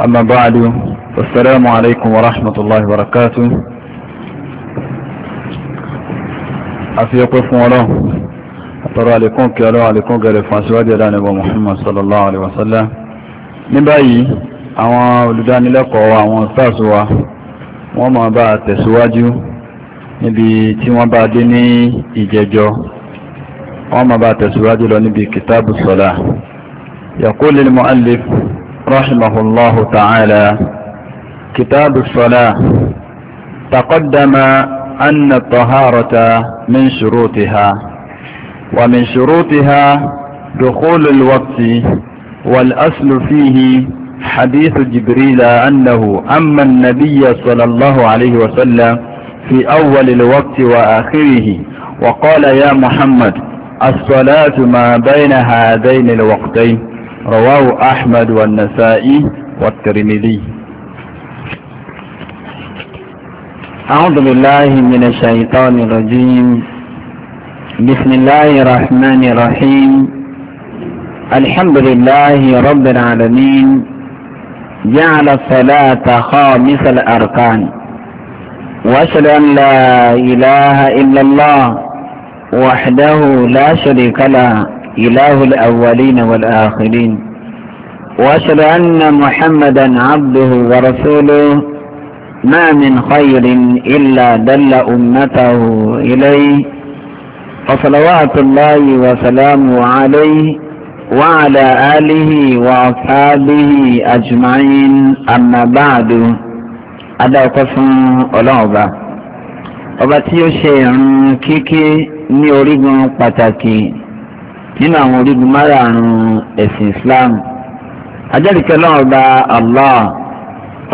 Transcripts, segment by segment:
أما بعد والسلام عليكم ورحمة الله وبركاته أفيقف مولا أترى لكم كالو عليكم قال فاسواد يلان أبو محمد صلى الله عليه وسلم نبأي àwọn olùdánilẹ́kọ̀ọ́ àwọn stars wa wọ́n máa bá tẹ̀síwájú níbi tí wọ́n bá dé ní ìjẹjọ́ wọ́n máa bá tẹ̀síwájú lọ níbi kìtàbù sọ́lá yaqulu al-mu'allif رحمه الله تعالى كتاب الصلاة تقدم أن الطهارة من شروطها ومن شروطها دخول الوقت والأصل فيه حديث جبريل أنه أما النبي صلى الله عليه وسلم في أول الوقت وآخره وقال يا محمد الصلاة ما بين هذين الوقتين رواه أحمد والنسائي والترمذي أعوذ بالله من الشيطان الرجيم بسم الله الرحمن الرحيم الحمد لله رب العالمين جعل الصلاة خامس الأركان وأشهد أن لا إله إلا الله وحده لا شريك له إله الأولين والآخرين وأشهد أن محمدا عبده ورسوله ما من خير إلا دل أمته إليه فصلوات الله وسلامه عليه وعلى آله وأصحابه أجمعين أما بعد أدعو قسم ألعبة ọba tí ó ṣe ìrun nínú àwọn orígun ún ẹ̀sìn Islam ajẹ́rìíkẹ́ lọ́wọ́ bá Allah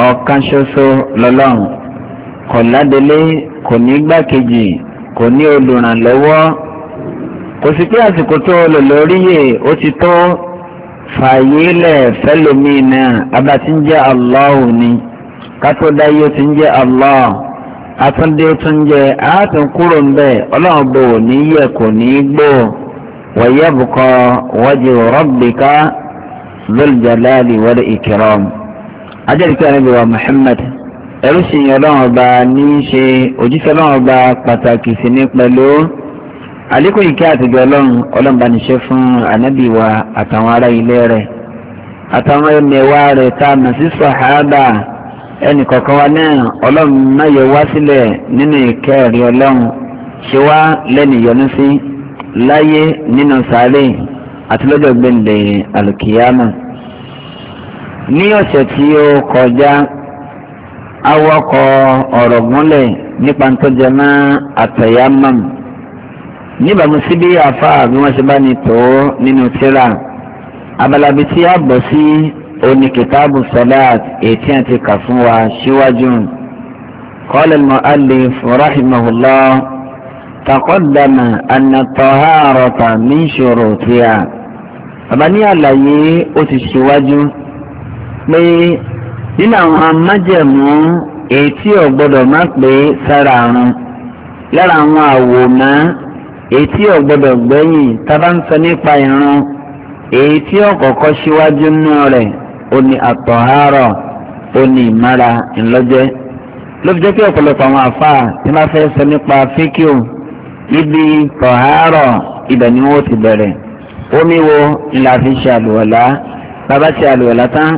ọ̀kan ṣoṣo lọ́lọ́run kò ládélé kò ní gbàkejì kò ní olùrànlọ́wọ́ kò sí pé àsìkò tó lò lórí yè ó ti tó fààyè lẹ̀ fẹ́lòmíì náà ti ń jẹ́ Allah ni kátó dáyé ó ti ń jẹ́ Allah atúndé ويبقى وجه ربك ذو الجلال والإكرام أجل كان محمد ẹrúsìn ọlọ́run ọba ní í ṣe òjíṣẹ́ ọlọ́run ọba pàtàkì sí ní pẹ̀lú àlékún ìkẹ́ àtijọ́ ọlọ́run ọlọ́run bá ní ṣe fún ànábì wa àtàwọn ará ilé rẹ̀ àtàwọn ẹnìwá rẹ̀ tá a mọ̀ sí sàhábà ẹnì kọ̀ọ̀kan wa náà ọlọ́run náà yọ wá sílẹ̀ nínú ìkẹ́ ẹ̀rí ọlọ́run ṣe wá lẹ́nu ìyọnu sí láyé nínú sáré àti lọ́jọ́ gbẹ̀ǹdẹ̀ àlùkìyámà ní ọ̀sẹ̀ tí ó kọjá awakọ̀ ọ̀rọ̀ gúnlẹ̀ nípa ntọ́jà náà àtẹ̀yámà níbàámu sí bí àfa bí wọ́n ṣe bá ní tó nínú tírà abalabi tí a bọ̀ sí oní kìtàbù salat ètí àti kà fún wa síwájú qala al-mu'allif rahimahullah. تقدم أن الطهارة من شروطها bàbá ní àlàyé ó ti ṣíwájú pé nínú àwọn amájẹ̀mú ètí ò gbọ́dọ̀ má pé sára àrùn lára àwọn àwòmọ́ ètí ò gbọ́dọ̀ gbẹ̀yìn tábà ń sọ nípa ìrun ètí ọ̀kọ̀ọ̀kọ̀ ṣíwájú nínú rẹ̀ ó ní àtọ̀hárọ̀ ó ní ìmára ńlọ́jẹ́ ló fi jẹ́ pé ọ̀pọ̀lọpọ̀ àwọn àfáà tí wọ́n fẹ́ sọ nípa fíkíò ibi tọ̀hárọ̀ ibẹ̀ ni wọ́n ti bẹ̀rẹ̀ omi wo la fi ṣe àlùwàlá bàbá ṣe àlùwàlá tán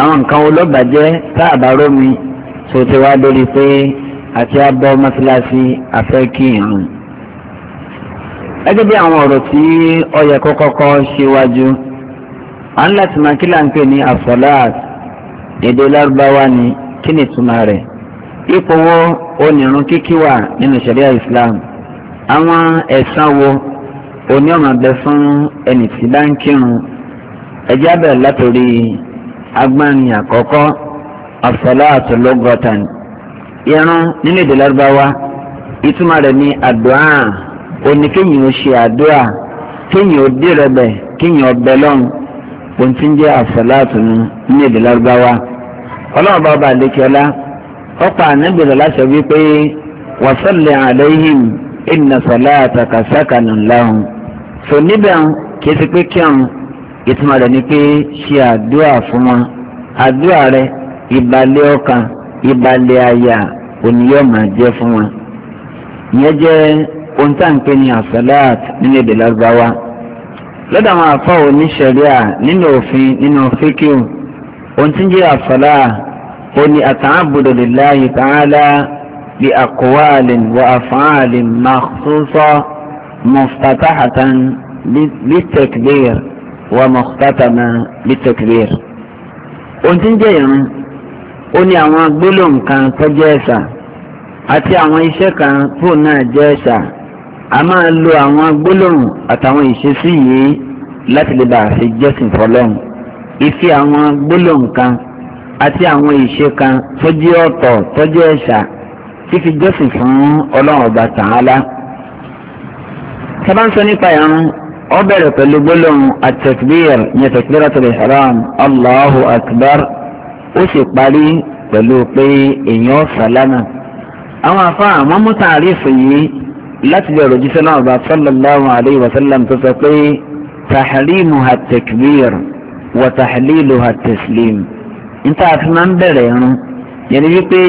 àwọn nǹkan wo ló bàjẹ́ tá a bá rómi tó ti wá lórí pé àti abọ́ mọ́sálásí afẹ́ kí irun. gẹ́gẹ́ bí àwọn ọ̀rọ̀ tí ó yẹ kó ṣíwájú à ń láti máa kí là ní àfọláàt èdè lárúbáwá ni kí ni ìtumọ̀ rẹ̀ ipò wo onírun kíkí wà nínú ṣẹ̀ríà Islam. àwọn ẹ̀san wo òní ọ̀nà bẹ fún ẹnì tí bá ń kírun ẹjẹ́ abẹ́rẹ́ látòrí agbárin àkọ́kọ́ irun nínú èdè lárúbáwá ìtumọ̀ rẹ̀ ní àdúrà òní kéèyàn ó ṣe àdúrà kéèyàn ó dé rẹ̀bẹ̀ kéèyàn ó bẹ lọ́hùn pọ̀ntì ń jẹ́ as-salatu nínú èdè lárúbáwá ọlọ́run bá ọba àdékẹ́lá ọ̀pá ànágbèrè inna salataka sakanun lahum so níbẹ̀ kìí ṣe pé kírun ìtumọ̀ rẹ̀ ni pé ṣe àdúrà fún wọn àdúrà rẹ̀ ìbàlẹ̀ ọkàn ìbàlẹ̀ àyà òníyọ́ máa jẹ́ fún wọn. ìyẹn jẹ́ ohun ni à ń pè ní asalat nínú èdè lágbáwá lọ́dọ̀ àwọn afọ oníṣẹ̀ríà nínú òfin nínú fíkìú ohun tí ń jẹ́ asalat òní ata'abudu lillahi ta'ala. بأقوال وأفعال مخصوصة مفتتحة بالتكبير ومختتمة بالتكبير òtíńjẹ ìrún ó ní àwọn gbólóhùn kan tó jẹ́ ẹ̀sà àti àwọn iṣẹ́ kan tó náà jẹ́ ẹ̀sà a máa lo àwọn gbólóhùn àtàwọn ìṣesí yìí láti lè bá a fi jọ́sìn fọlọ́hùn ìfi àwọn gbólóhùn kan àti àwọn ìṣe kan tó jẹ́ ọ̀tọ̀ tó jẹ́ ẹ̀sà fífi jọ́sìn fún ọlọ́run ọba tààlà. sábà sọ nípa ìrun ó bẹ̀rẹ̀ pẹ̀lú gbólóhùn at-takbir ní takbiratul ihram allahu akbar ó sì parí pẹ̀lú pé èèyàn sàlámà. àwọn afa àwọn mú tààrífù yìí láti lè rò jíṣẹ́ náà ọba sallallahu alayhi wa sallam tó sọ pé tahrimuha at-takbir wa tahliluha at-taslim. níta àti máa ń bẹ̀rẹ̀ ìrun yẹn ni wípé.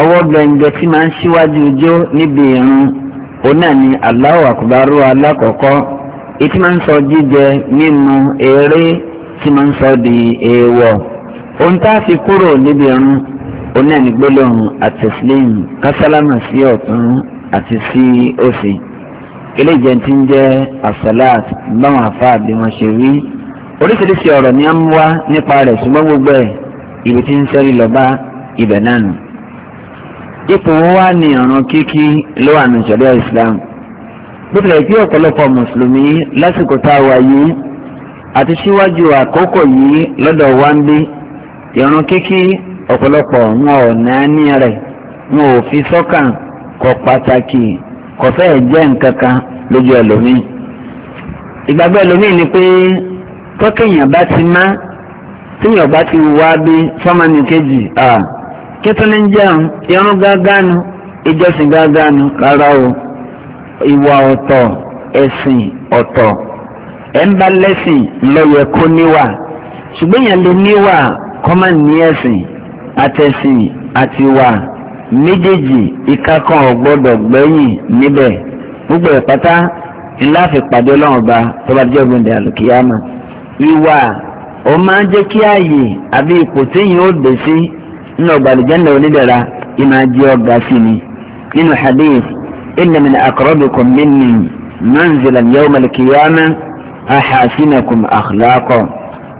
ọwọ́ gbẹ̀ngẹ̀ tí máa ń ṣíwájú ijó níbi irun òun náà ni Allahu Akbaru alákọ̀ọ́kọ́ ètí máa ń sọ jíjẹ mímu eré tí máa ń sọ di èèwọ̀ ohun tá a fi kúrò níbi irun òun ni gbólóhùn àtẹ̀sílẹ̀yìn kásálámà sí ọ̀tún àti sí òsì eléjẹ tí ń jẹ́ àsálàt báwọn àfáà bí wọ́n ṣe wí oríṣiríṣi ọ̀rọ̀ ni a ń wá nípa rẹ̀ ṣùgbọ́n gbogbo ẹ̀ ìrètí ń sẹ́rí lọ́ba ibẹ̀ náà nù ipò wa ni ọ̀ràn kíkí ló wà ní ìṣẹ̀lẹ̀ Islam bó tilẹ̀ kí ọ̀pọ̀lọpọ̀ mùsùlùmí lásìkò tá a wà yìí àti síwájú àkókò yìí lọ́dọ̀ wa ń bí ìrun kíkí ọ̀pọ̀lọpọ̀ wọn ò náání rẹ̀ wọn ò fi sọ́kàn kọ pàtàkì kò fẹ́ẹ̀ jẹ́ nǹkan kan lójú ẹlòmíì ìgbàgbọ́ ẹlòmíì ni pé tọ́kẹ́yìn bá ti má tíyàn bá ti wá bí sọ́mọ́nì ah kẹtọ́lẹ́ ń jẹun irun gágánu ìjọsìn gágánu rárá o ìwà ọ̀tọ̀ ẹ̀sìn ọ̀tọ̀ ẹ̀ ń bá lẹ́sìn lọ́yẹ kó níwà ṣùgbọ́n yẹn lè níwà kọ́má ní ẹ̀sìn àtẹ̀sìn àti wà méjèèjì ìkákan ọ̀gbọ́dọ̀ gbẹ́yìn níbẹ̀ gbogbo ẹ̀ pátá ńlá fi pàdé ọlọ́run ọba tó bá jẹ́ ògbóǹde àlùkìyàmà ìwà ó máa jẹ́ kí ààyè àbí ipò téèyàn ó dé sí nínú ọgbà àlùjánnà onídẹ̀ra ìmọ̀ ajé ọgbà حديث. ni من hadith مني min يوم minni manzilan yawm al-qiyamah ahsinakum akhlaqa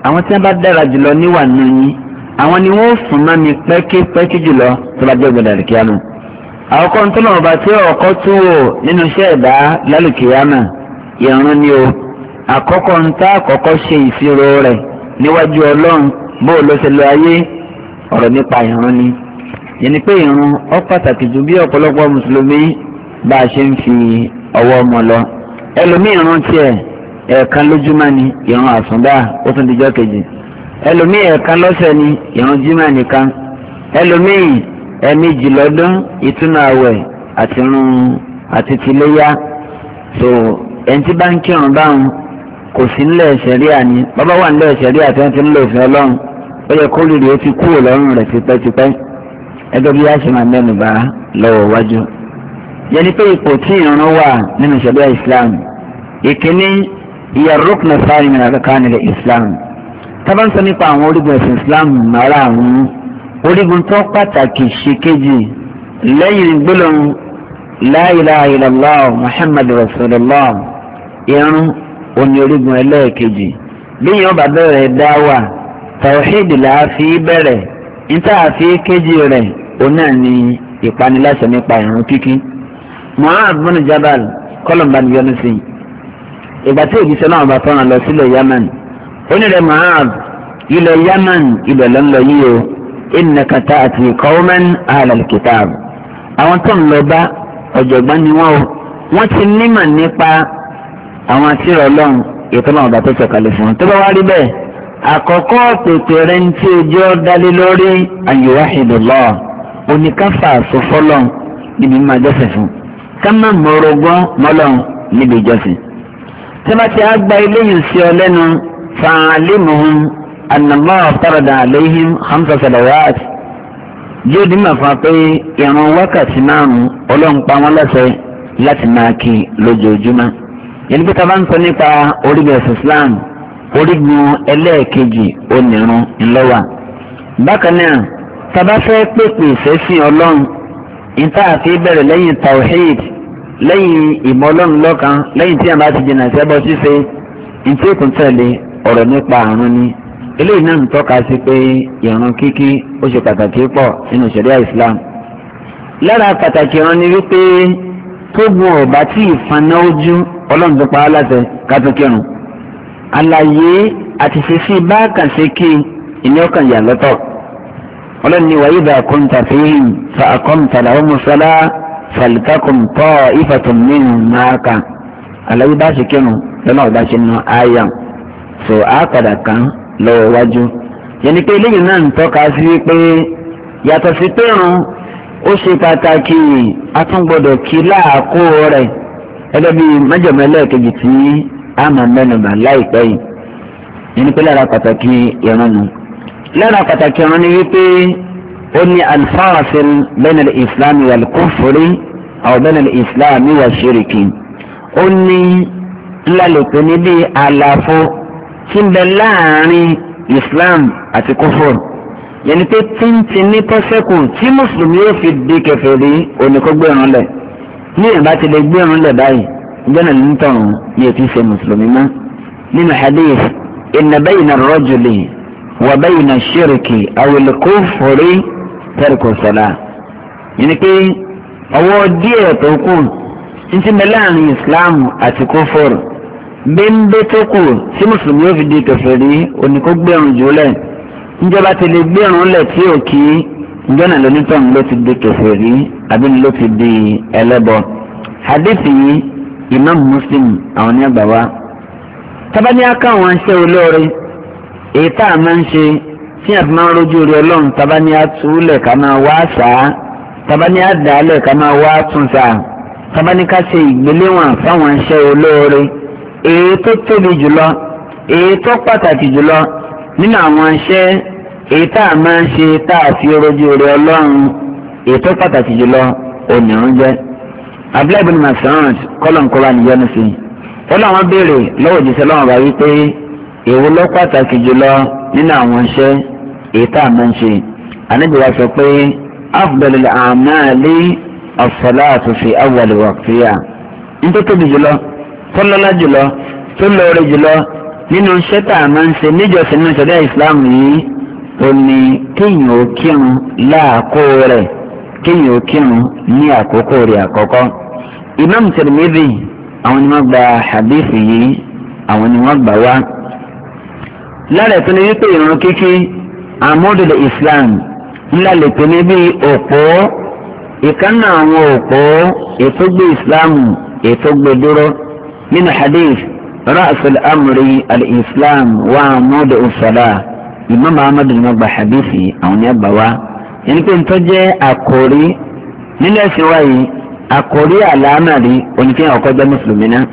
àwọn tí wọ́n bá dára jùlọ níwà nù yín àwọn ni wọ́n fún mọ́ mi pẹ́kípẹ́kí jùlọ tó bá jẹ́ ọgbà àlùkìyàmà àkọ́kọ́ ntọ́nà ọba tí ọ̀kọ́ tó wò nínú iṣẹ́ ẹ̀dá lálùkìyàmà ìrún ni o àkọ́kọ́ ntá àkọ́kọ́ ṣe ìṣirò rẹ̀ níwájú ọlọ́run bó o lọ lọ ayé ọ̀rọ̀ nípa ìrun ni yẹni pé ìrun ọ pàtàkì ju bí ọ̀pọ̀lọpọ̀ mùsùlùmí bá a ṣe ń fi ọwọ́ ọmọ lọ ẹlòmíì ìrun tiẹ̀ ẹ̀ẹ̀kan lójúmọ́ ni ìrun àsùnbà ó tún dijọ́ kejì ẹlòmíì ẹ̀ẹ̀kan ni jímọ̀ nìkan ẹlòmíì ẹ̀ẹ̀mejì lọ́dún ìtúnu àwẹ̀ àti àti bá ń kírun báwọn kò sí nílẹ̀ ṣẹ̀ríà ni wà nílẹ̀ ṣẹ̀ríà tí ó yẹ kó lè rí o ti kúrò lọ́rùn rẹ̀ tipẹ́tipẹ́ ẹgbẹ́ bí a ṣe máa mẹ́nu bá lọ́wọ́ wájú. yẹni pé ipò tí ìrun wà nínú ìṣẹ̀lẹ̀ Islam ìkíní ìyá rúkùnà sáré mi nàkàkà nílẹ̀ Islam tábà ń sọ nípa àwọn orígun ẹ̀sìn Islam mara àwọn orígun tó pàtàkì ṣe kéjì lẹ́yìn gbólóhùn la ilaha illallah Muhammad rasulullah òní orígun ẹlẹ́ẹ̀kejì bí yẹn ó bá bẹ̀rẹ̀ dáwà tawhid la fi bẹ̀rẹ̀ níta fi kéjì rẹ̀ òun náà ni ìpaniláṣẹ nípa ìrun kíkí Mu'adh bin Jabal kọlọmba ni yọnu sí ìgbà tí òjíṣẹ́ náà bá fọ́nrán lọ sílẹ̀ Yemen onírẹ̀ Mu'adh ilẹ̀ Yemen ibẹ̀ ló ń lọ yí o innaka ta'ti qawman ahlal kitab àwọn tó ń lọ bá ọ̀jọ̀gbọ́n ni wọ́n o wọ́n ti nímọ̀ nípa àwọn àtìrọ̀ ọlọ́run ètò náà tó sọ̀kalẹ̀ fún un tó bá wá rí bẹ́ẹ̀ àkọ́kọ́ pèpè rẹ̀ ń tí ojú ọ dálé lórí àyùwáhìdùlọ́ oníkàfà àsọfọ́lọ́ níbi máa jọ́sìn fún ká má mọ̀rọ̀gbọ́n mọ́lọ́ níbi jọ́sìn. tí wọ́n ti á gba eléyìí sí ọ lẹ́nu fàálìmùhún ànàmọ́ ọ̀tọ́rọ̀dà àléhìm hamsa salawat yóò dín màfà pé ìrun wákàtí márùn-ún ọlọ́run lọ́sẹ̀ láti máa kí lójoojúmọ́. yẹn ní bá ń sọ nípa orílẹ̀ orígun ẹlẹ́ẹ̀kejì onírun ńlọ́wà. bákan náà tábà fẹ́ pèpè sẹ́sìn ọlọ́run níta àti bẹ̀rẹ̀ lẹ́yìn tawhid lẹ́yìn ìmọ̀ ọlọ́run lọ́kan lẹ́yìn tí a bá ti jìnnà sẹ́bọ̀ ṣíṣe ntí èkó tẹ̀lé ọ̀rọ̀ nípa àrùn ni eléyìí náà ń tọ́ka sí pé ìrun kíkí ó ṣe pàtàkì pọ̀ nínú ṣẹ̀ríà Islam lára pàtàkì ìrun ni wípé tógun ọ̀bá tí ìfaná ojú ọlọ́run tó pa á láṣẹ ká tó kírun àlàyé àti fífi báàkàn sí kí ìní ọkàn yà lọ́tọ̀ ọlọ́run ni wàyí bá kún tàfihìn fa àkọ́mta làwọn mùsọ́lá fàlìtàkùn tọ́ ìfàtún nínú máa kà àlàyé bá ṣe kírun lọ́nà ọ̀dá ṣe nu àyà so àpàdà kan lọ́wọ́ wájú yẹnni pé eléyìí náà ń tọ́ka sí wípé yàtọ̀ sí pérun ó ṣe pàtàkì atúngbọ̀dọ̀ kí láàkó rẹ̀ gẹ́gẹ́ bí májọ̀mọ́ ẹlẹ́ẹ̀kejì tí àmọ́ mẹ́nubà láìpẹ́ yìí ẹni pé lára pàtàkì ìrun nù. lára pàtàkì ìrun ni wípé ó ní alfáàfin bẹ́ẹ̀ ní islam wà kúfúrí àwọn bẹ́ẹ̀ ní islam wà ṣíríkì ó ní lálẹ́pẹ́ níbi àlàfo tí ń bẹ láàrin islam àti kúfúrú yẹni pé tíntì ní pọ́sẹ́kù tí mùsùlùmí yóò fi di kèfèrí oníkó gbẹ̀rún lẹ̀ ní ìbá ti lè gbẹ̀rún lẹ̀ báyìí jọ́nà nítàn ni ètí ṣe mùsùlùmí mọ́ nínú hadith inna bayna rajuli wa bayna shirki awil kufri tarku salah yìí pé ọwọ́ díẹ̀ tó kù ntí mẹ́ láàrin islam àti kufur bẹ́ńbẹ́ tó kù tí mùsùlùmí ó fi di kèfèrí oníkó gbẹ̀rùn jùlẹ̀ níjọba ti lè gbẹ̀rùn lẹ̀ tí ò kí njọ́nà lónítàn ló ti di kèfèrí àbí ló ti di ẹlẹ́bọ hadith yìí imam muslim àwọn ní àgbà wa tábàní aká àwọn aṣẹ́ olóore èyí tá a máa ń ṣe tí a fi máa ń rojú rí ọlọ́run tábàní atúlẹ̀ ká máa wá sàá tábàní àdàálẹ̀ ká máa wá tún sàá tábàní ká ṣe ìgbéléwọ̀n fáwọn aṣẹ́ olóore èyí tó tóbi jùlọ èyí tó pàtàkì jùlọ nínú àwọn aṣẹ́ èyí tá a máa ń ṣe tá a fi rojú rí ọlọ́run èyí tó pàtàkì jùlọ ònìrún jẹ́ abdullahi bin masoud kọ́lọ̀nkọ́lá nìyẹnu sí ó láwọn béèrè lọ́wọ́ òjíṣẹ́ lọ́wọ́ bá wípé èwo ló pàtàkì jùlọ nínú àwọn iṣẹ́ èyí tá a máa ń ṣe ànábì wa sọ pé afdalil amali as-salatu fi awwal waqtiha ń tó tóbi jùlọ tó lọ́lá jùlọ tó lóore jùlọ nínú iṣẹ́ tá a islam yìí ó ní kéèyàn ó kírun láàkó rẹ̀ kéèyàn ó kírun ní imam Tirmidhi àwọn ni wọ́n gba hadithi yìí àwọn ni wọ́n gbà wá. lára ìpinnu wípé ìrun kíkí amúdùlẹ̀ islam ńlá lè pè ní bí òpó ìkànnà àwọn òpó ètò gbé islam ètò gbé dúró nínú hadith ra'asul amri al-islam wa amúdù usala imam ahmad ni wọ́n gba hadithi àwọn ni wọ́n gbà wá. yẹn ni pé ntọ́jẹ́ àkórí nílẹ̀ ẹ̀sìn wáyé àkórí àlámàrí oníkéyàn ọkọ jẹ́ mùsùlùmí náà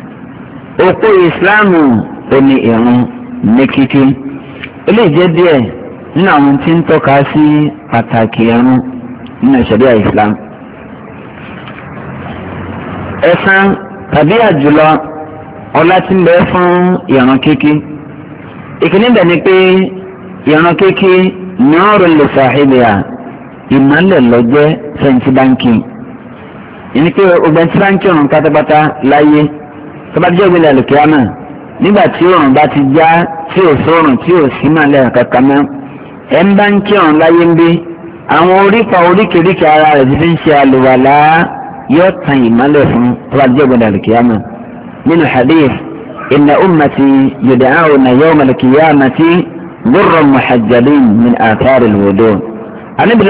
òpó ìsìláàmù oní ìrun ní kíkí eléyìí jẹ́ díẹ̀ nínú àwọn tí ń tọ́ka sí pàtàkì ìrun nínú ìṣẹ̀lẹ̀ ìsìláàmù. ẹ̀san tàbí àjùlọ ọlá tí ń bẹ fún ìrun kíkí ìkíní bẹ̀ ni pé ìrun kíkí ní ọ̀rùn lè sàhìlìyà ìmọ̀lẹ̀ lọ́jẹ́ sẹ́ńtì báńkì ìní pé ọgbẹ́ tí wọ́n ń kírun pátápátá láyé tọ́bájọ́ ìgbélé àlùkìyámà nígbà tí òòrùn bá ti já tí ò sóòrùn tí ò sí màlẹ kankan mọ́ ẹ ń bá ń kírun láyé ń bí àwọn orípa oríkèéríkèé ara rẹ̀ ti fi ń ṣe àlùwàlá yóò tan ìmọ́lẹ̀ fún tọ́bájọ́ ìgbélé àlùkìyámà nínú hadith inna ummati yud'auna yawma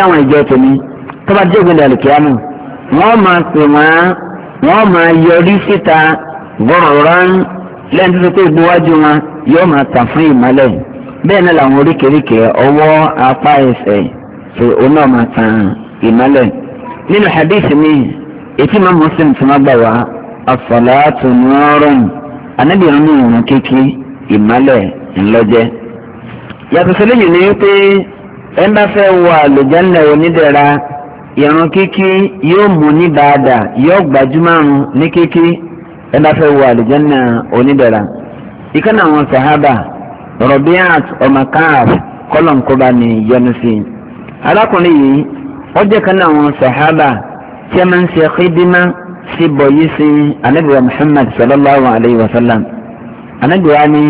àwọn ìjọ tòní tọ́bájọ́ ìgbélé àlùkìyámà wọ́n máa pè wọ́n wọ́n máa yọrí síta gbọ̀rọ̀rán lẹ́yìn tó ti pé gbowájú wọn yóò máa tàn fún ìmọ́lẹ̀ bẹ́ẹ̀ náà làwọn oríkèéríkèé ọwọ́ apá ẹsẹ̀ tó oná máa tàn ìmọ́lẹ̀ nínú hadith mi ètí máa Muslim tó máa gbà wá as-salatu nurun anábìrin ní ìrún kékeré ìmọ́lẹ̀ ńlọ́jẹ́ yàtọ̀ sílẹ̀ yìí ni pé ẹ̀ ń bá fẹ́ wọ àlùjánnà onídẹ̀ra ìrun kíkí yóò mú ní dáadáa yóò gbajúmọ̀ àrùn ní kíkí ẹ̀dá fẹ́ wọ àlùjànnà onídẹ̀ra ìkànnì àwọn sàhábà Rabi'at ọmọ Ka'ab kọ́lọ̀nkọ́ba ní yọnu sí i arákùnrin yìí ó jẹ́ kan àwọn sàhábà tí a máa ń ṣe xidima sí bọ̀yì sí anabiwa Muhammad sallallahu alayhi wa sallam anabiwa ni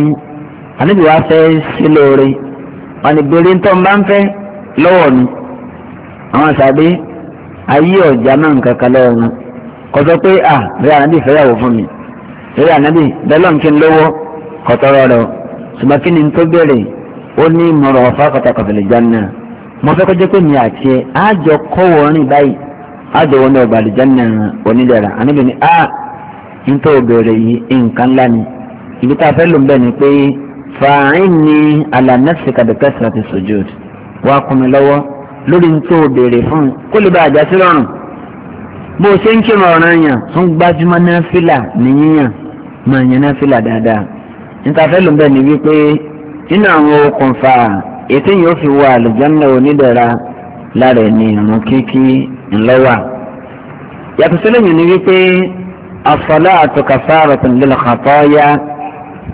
anabiwa fẹ́ sí lóore wọn ni bèrè tó ń bá ń fẹ́ lọ́wọ́ ni àwọn sàbí ayé ọ̀já máa ń kankan lọ́wọ́ wọn kò sọ pé à bẹ́ẹ̀ ànábì fẹ́yàwó fún mi bẹ́ẹ̀ ànábì bẹ́ẹ̀ lọ́n kí n lówó kọ̀tọ́rọ́ ṣùgbọ́n kí ni tó bẹ̀rẹ̀ ó ní ìmọ̀ràn ọ̀fà kọ̀tàkọ̀tàlẹ̀ jánà mo fẹ́ kó jẹ́ pé mi àti ẹ àjọ kọ́wọ́ rìn báyìí àjọ wọn ní ọgbà àlìjánà onídàrà ànábì ni à ń tó bẹ̀rẹ̀ yìí nǹkan ńlá ni ibi tá a fẹ́ lò ń bẹ̀ ni pé fàáyìn ni alànàfíkà bẹ̀kẹ́sìrà ti sojúd wá kún mi lọ́wọ́ lórí tó o béèrè fún kó lè bá àjà sí lọ́rùn bó o ṣe ń kírun ọ̀ràn yàn fún gbajúmọ̀ náfìlà nìyíyàn máa yan náfìlà dáadáa nítafẹ́ ló ń bẹ̀ ní wípé nínú àwọn okùnfà ètò yìí ó fi wọ àlùjánnà onídẹ̀ra lára ẹni ìrun kíkí ńlọ́wà yàtọ̀ sílẹ̀yìn ni wípé as-salatu kafaratun lil khataya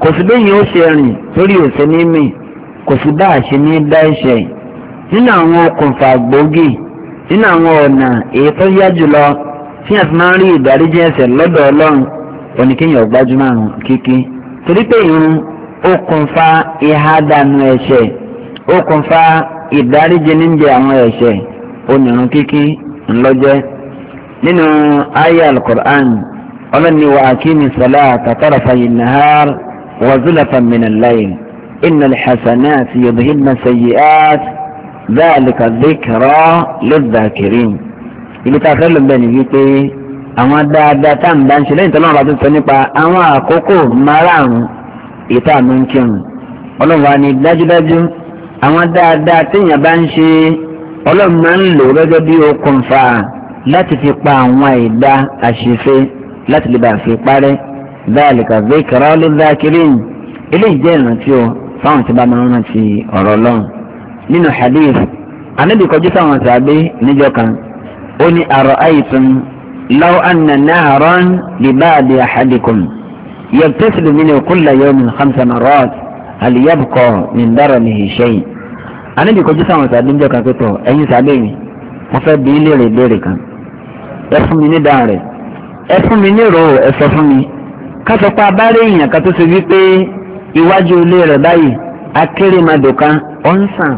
kò sí bẹ́yìn ó ṣe rìn torí òṣèlú mi kò sí bá àṣẹ ní dá ẹ̀ṣẹ̀ nínú àwọn okùnfà gbòógì nínú àwọn ọ̀nà èyí tó yá jùlọ tí a fi máa ń rí ìdáríjì ẹ̀ṣẹ̀ lọ́dọ̀ ọlọ́run oníkéyàn gbájúmọ́ àrùn kíkí torí pé ìrun okùnfà ìhádànù ẹ̀ṣẹ̀ okùnfà ìdáríjì níjẹ àwọn ẹ̀ṣẹ̀ onírun kíkí ńlọ́jẹ́ nínú ayé alukur'an ọlọ́ni wa akíní sọlá tàtàrà fàyè nàhár wàzúlà fàmìnà láyé ìnàlẹ̀ hasanà ti yọ̀dọ̀ hìnnà sẹ́yìí áàtì. ذلك ذكرى للذاكرين ibi tá a fẹ́ lò bẹ́ẹ̀ ni wípé àwọn dáadáa tá à ń bá ń ṣe lẹ́yìn tó lọ́wọ́ bá tó sọ nípa àwọn àkókò márààrún ìta àmì ń kírun ọlọ́run wa ni dájúdájú àwọn dáadáa téèyàn bá ń ṣe ọlọ́run máa ń lò gẹ́gẹ́ bí okùnfà láti fi pa àwọn àìdá àṣìṣe láti lè bá fi parẹ́ ذلك ذكرى للذاكرين eléyìí jẹ́ ìrántí o fáwọn tí bá máa ń rántí ọ̀rọ̀ ọlọ́run nínú hadith anabi kọjú sáwọn sàbẹ níjọ kan ó ní àrò àìsàn law anna naharan li baadi ahadikum yabtasilu minhu kulla yawmin khamsa marat hal yabqa min daranihi shay anabi kọjú sáwọn sàbẹ níjọ kan pẹtọ ẹ̀yin sàbẹ mi mo fẹ́ bi léèrè béèrè kan ẹ fún mi ní dáhùn rẹ̀ ẹ fún mi ní ìró ẹ sọ fún mi ká sọ pé èèyàn kan tó ṣe wípé iwájú ilé rẹ̀ báyìí akérèmọdò kan ọ̀ ń sàn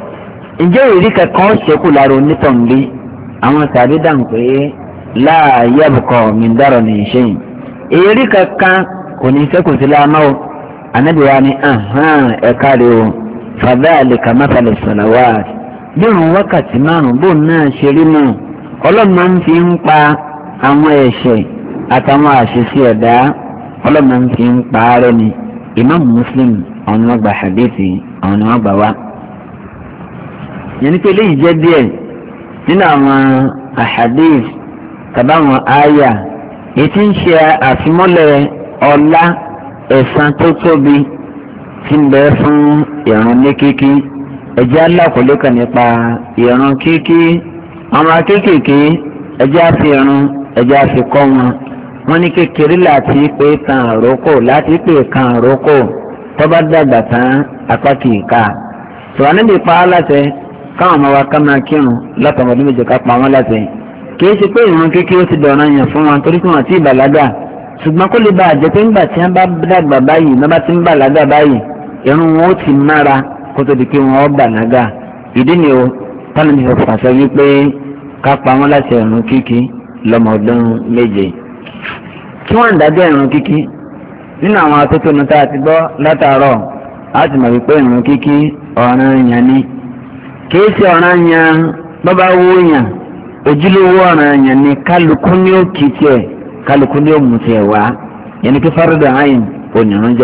ǹjẹ́ ìrírí kankan ṣẹ́kù lára onítàn bí àwọn tàbí dáhùn pé láàyè àbùkọ mi ń dárọ̀ ní ìṣe yìí ìrírí kankan kò ní ṣẹ́kù sí láàmá o ni ẹ̀ka rẹ̀ o fàdá àlèkà mẹ́fàlẹ̀ sọ̀làwà bí òun wákàtí márùn bóun náà ṣe rí mọ́ ọlọ́run ń fi ń pa àwọn ẹ̀ṣẹ̀ àtàwọn àṣìṣe ẹ̀dá ọlọ́run ń fi ń pa á ni Imam Muslim ọ̀nà ọgbà hadithi ọ̀nà ọgbà wa yẹn ni pé eléyìí jẹ́ díẹ̀ nínú àwọn ahadith tàbáwọn àyà ètí ń ṣe àfimọ́lẹ̀ ọlá ẹ̀san tó tóbi tí ń bẹ fún ìrun ní kíkí ẹ̀jẹ̀ alákòólé kan nípa ìrun kíkí àwọn akékèké ẹ̀jẹ̀ àfi ìrun ẹ̀jẹ̀ àfi kọ́ wọn wọ́n ní kékeré láti pé kan àrókò láti pé kan àrókò tó dàgbà tán apá kìí tòwánìbí pa á láti káwọn ọmọ wa ká máa kírun látọmọ ọdún méje ká pa wọn láti ẹ̀yìn kìí ṣe pé ìrun kékeré ti dọ̀ràn yàn fún wọn torí pé wọn ti bàlágà ṣùgbọ́n kó lè bá àjẹ pé ńgbà tí wọn bá dàgbà báyìí wọn bá ti ń bàlágà báyìí ìrun wọn ó ti mára kó tó di pé wọn ó bàlágà ìdí ni o tánà mi fọ̀fọ̀ àṣẹ wípé ká pa wọn láti ìrun kíkí lọ́mọ ọdún méje kí wọ́n dájọ́ ìrun kíkí nínú àwọn atótónu tá a ti gbọ́ látàárọ̀ á ti mọ̀ wípé ìrun kíkí ọ̀ràn yàn ni. ka ṣe ọ̀ràn yẹn bàbá wo yàn ojúlówó ọ̀ràn yẹn ni kálukú ni ó kì í ni ó mú tiẹ̀ wá yẹn ni kí fárúdà ayin onírun ní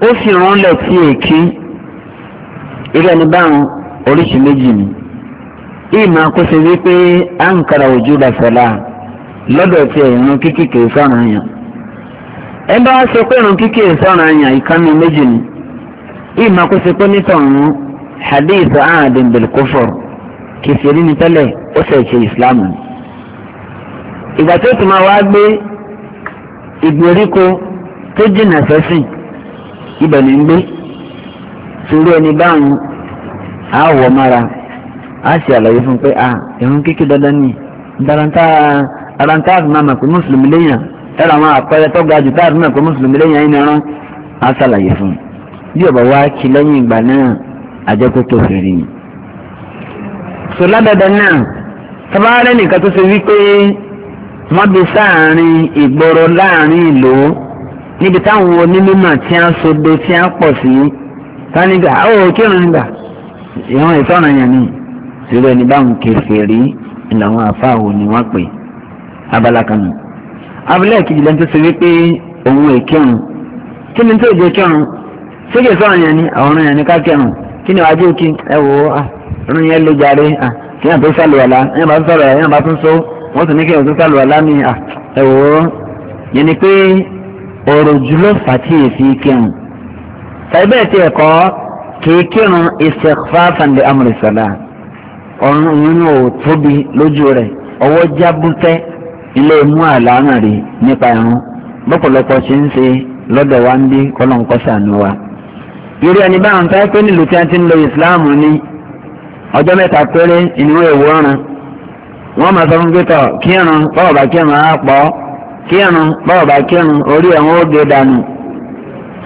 ó fi rán lẹ̀ sí èkí irú ẹni báwọn oríṣi méjì ni ìmọ̀ àkóso wípé à ń kara ojú dàfẹ́lá lọ́dọ̀ tiẹ̀ ìrún kíkì kìí sọ̀ràn yẹn ẹ bá sọ pé kíkì ìkànnì ìmọ̀ kó ṣe pé nítọ̀hún hadith ahadin bil kufur kìfìrí ni tẹ́lẹ̀ ó sì ṣe ìsìlámù. ìgbà tó tún máa wá gbé ìgbèríko tó jìnnà sẹ́sìn ibẹ̀ ní gbé sórí ẹni báwọn àwọ̀ mára á ṣe àlàyé fún pé ah ìrún kíkí dandan ni daranta aranta àdúrà mà pé mùsùlùmí lẹ́yìn ẹ̀rọ àwọn àpẹẹrẹ tó ga jù tá àdúrà mà pé mùsùlùmí lẹ́yìn ẹ̀yìn ẹ̀rọ á ṣàlàyé fún un. bí ọba wá kí lẹ́yìn ìgbà náà àjẹkù tó fèrè ni. sọ ládàdà náà tabaarẹ́ nìkan tó ṣe wípé wọ́n bí sáàárín ìgboro láàrin ìlú níbi táwọn onímọ̀ tí a sodo tí a pọ̀ sí tánigà ó kírun nígbà ìtọ́nà yẹn ni báwọn làwọn sókè sọ àyàn ni àwọn ọ̀ràn yẹn ni kákẹ́rùn kí ni wàá jẹ́ òkè ẹ wò ó ah, ọ̀ràn yẹn ló jàre ah, kí yàn tó sàlùwàlá yàn bá tó sàlùwàlá yàn bá tó so wọ́n sì ní kí yàn tó sàlùwàlá ni ah, ẹ wò ó yẹn ni pé ọ̀rọ̀ jùlọ fàtíyèsí kẹ́hùn tàbí tí ẹ̀kọ́ kìí kírun istighfafan li amri salah ọ̀run òun ò tóbi lójú rẹ̀ ọwọ́ irú ẹni báwọn fẹ́ pé nílùú tí wọ́n ti ń lo islam ní ọjọ́ mẹ́ta péré ìnú èwo ọ̀ràn wọ́n máa sọ fún pétọ̀ kírun báwọ̀ bá kírun á pọ̀ kírun báwọ̀ bá kírun orí ẹ̀wọ̀n ó gé dànù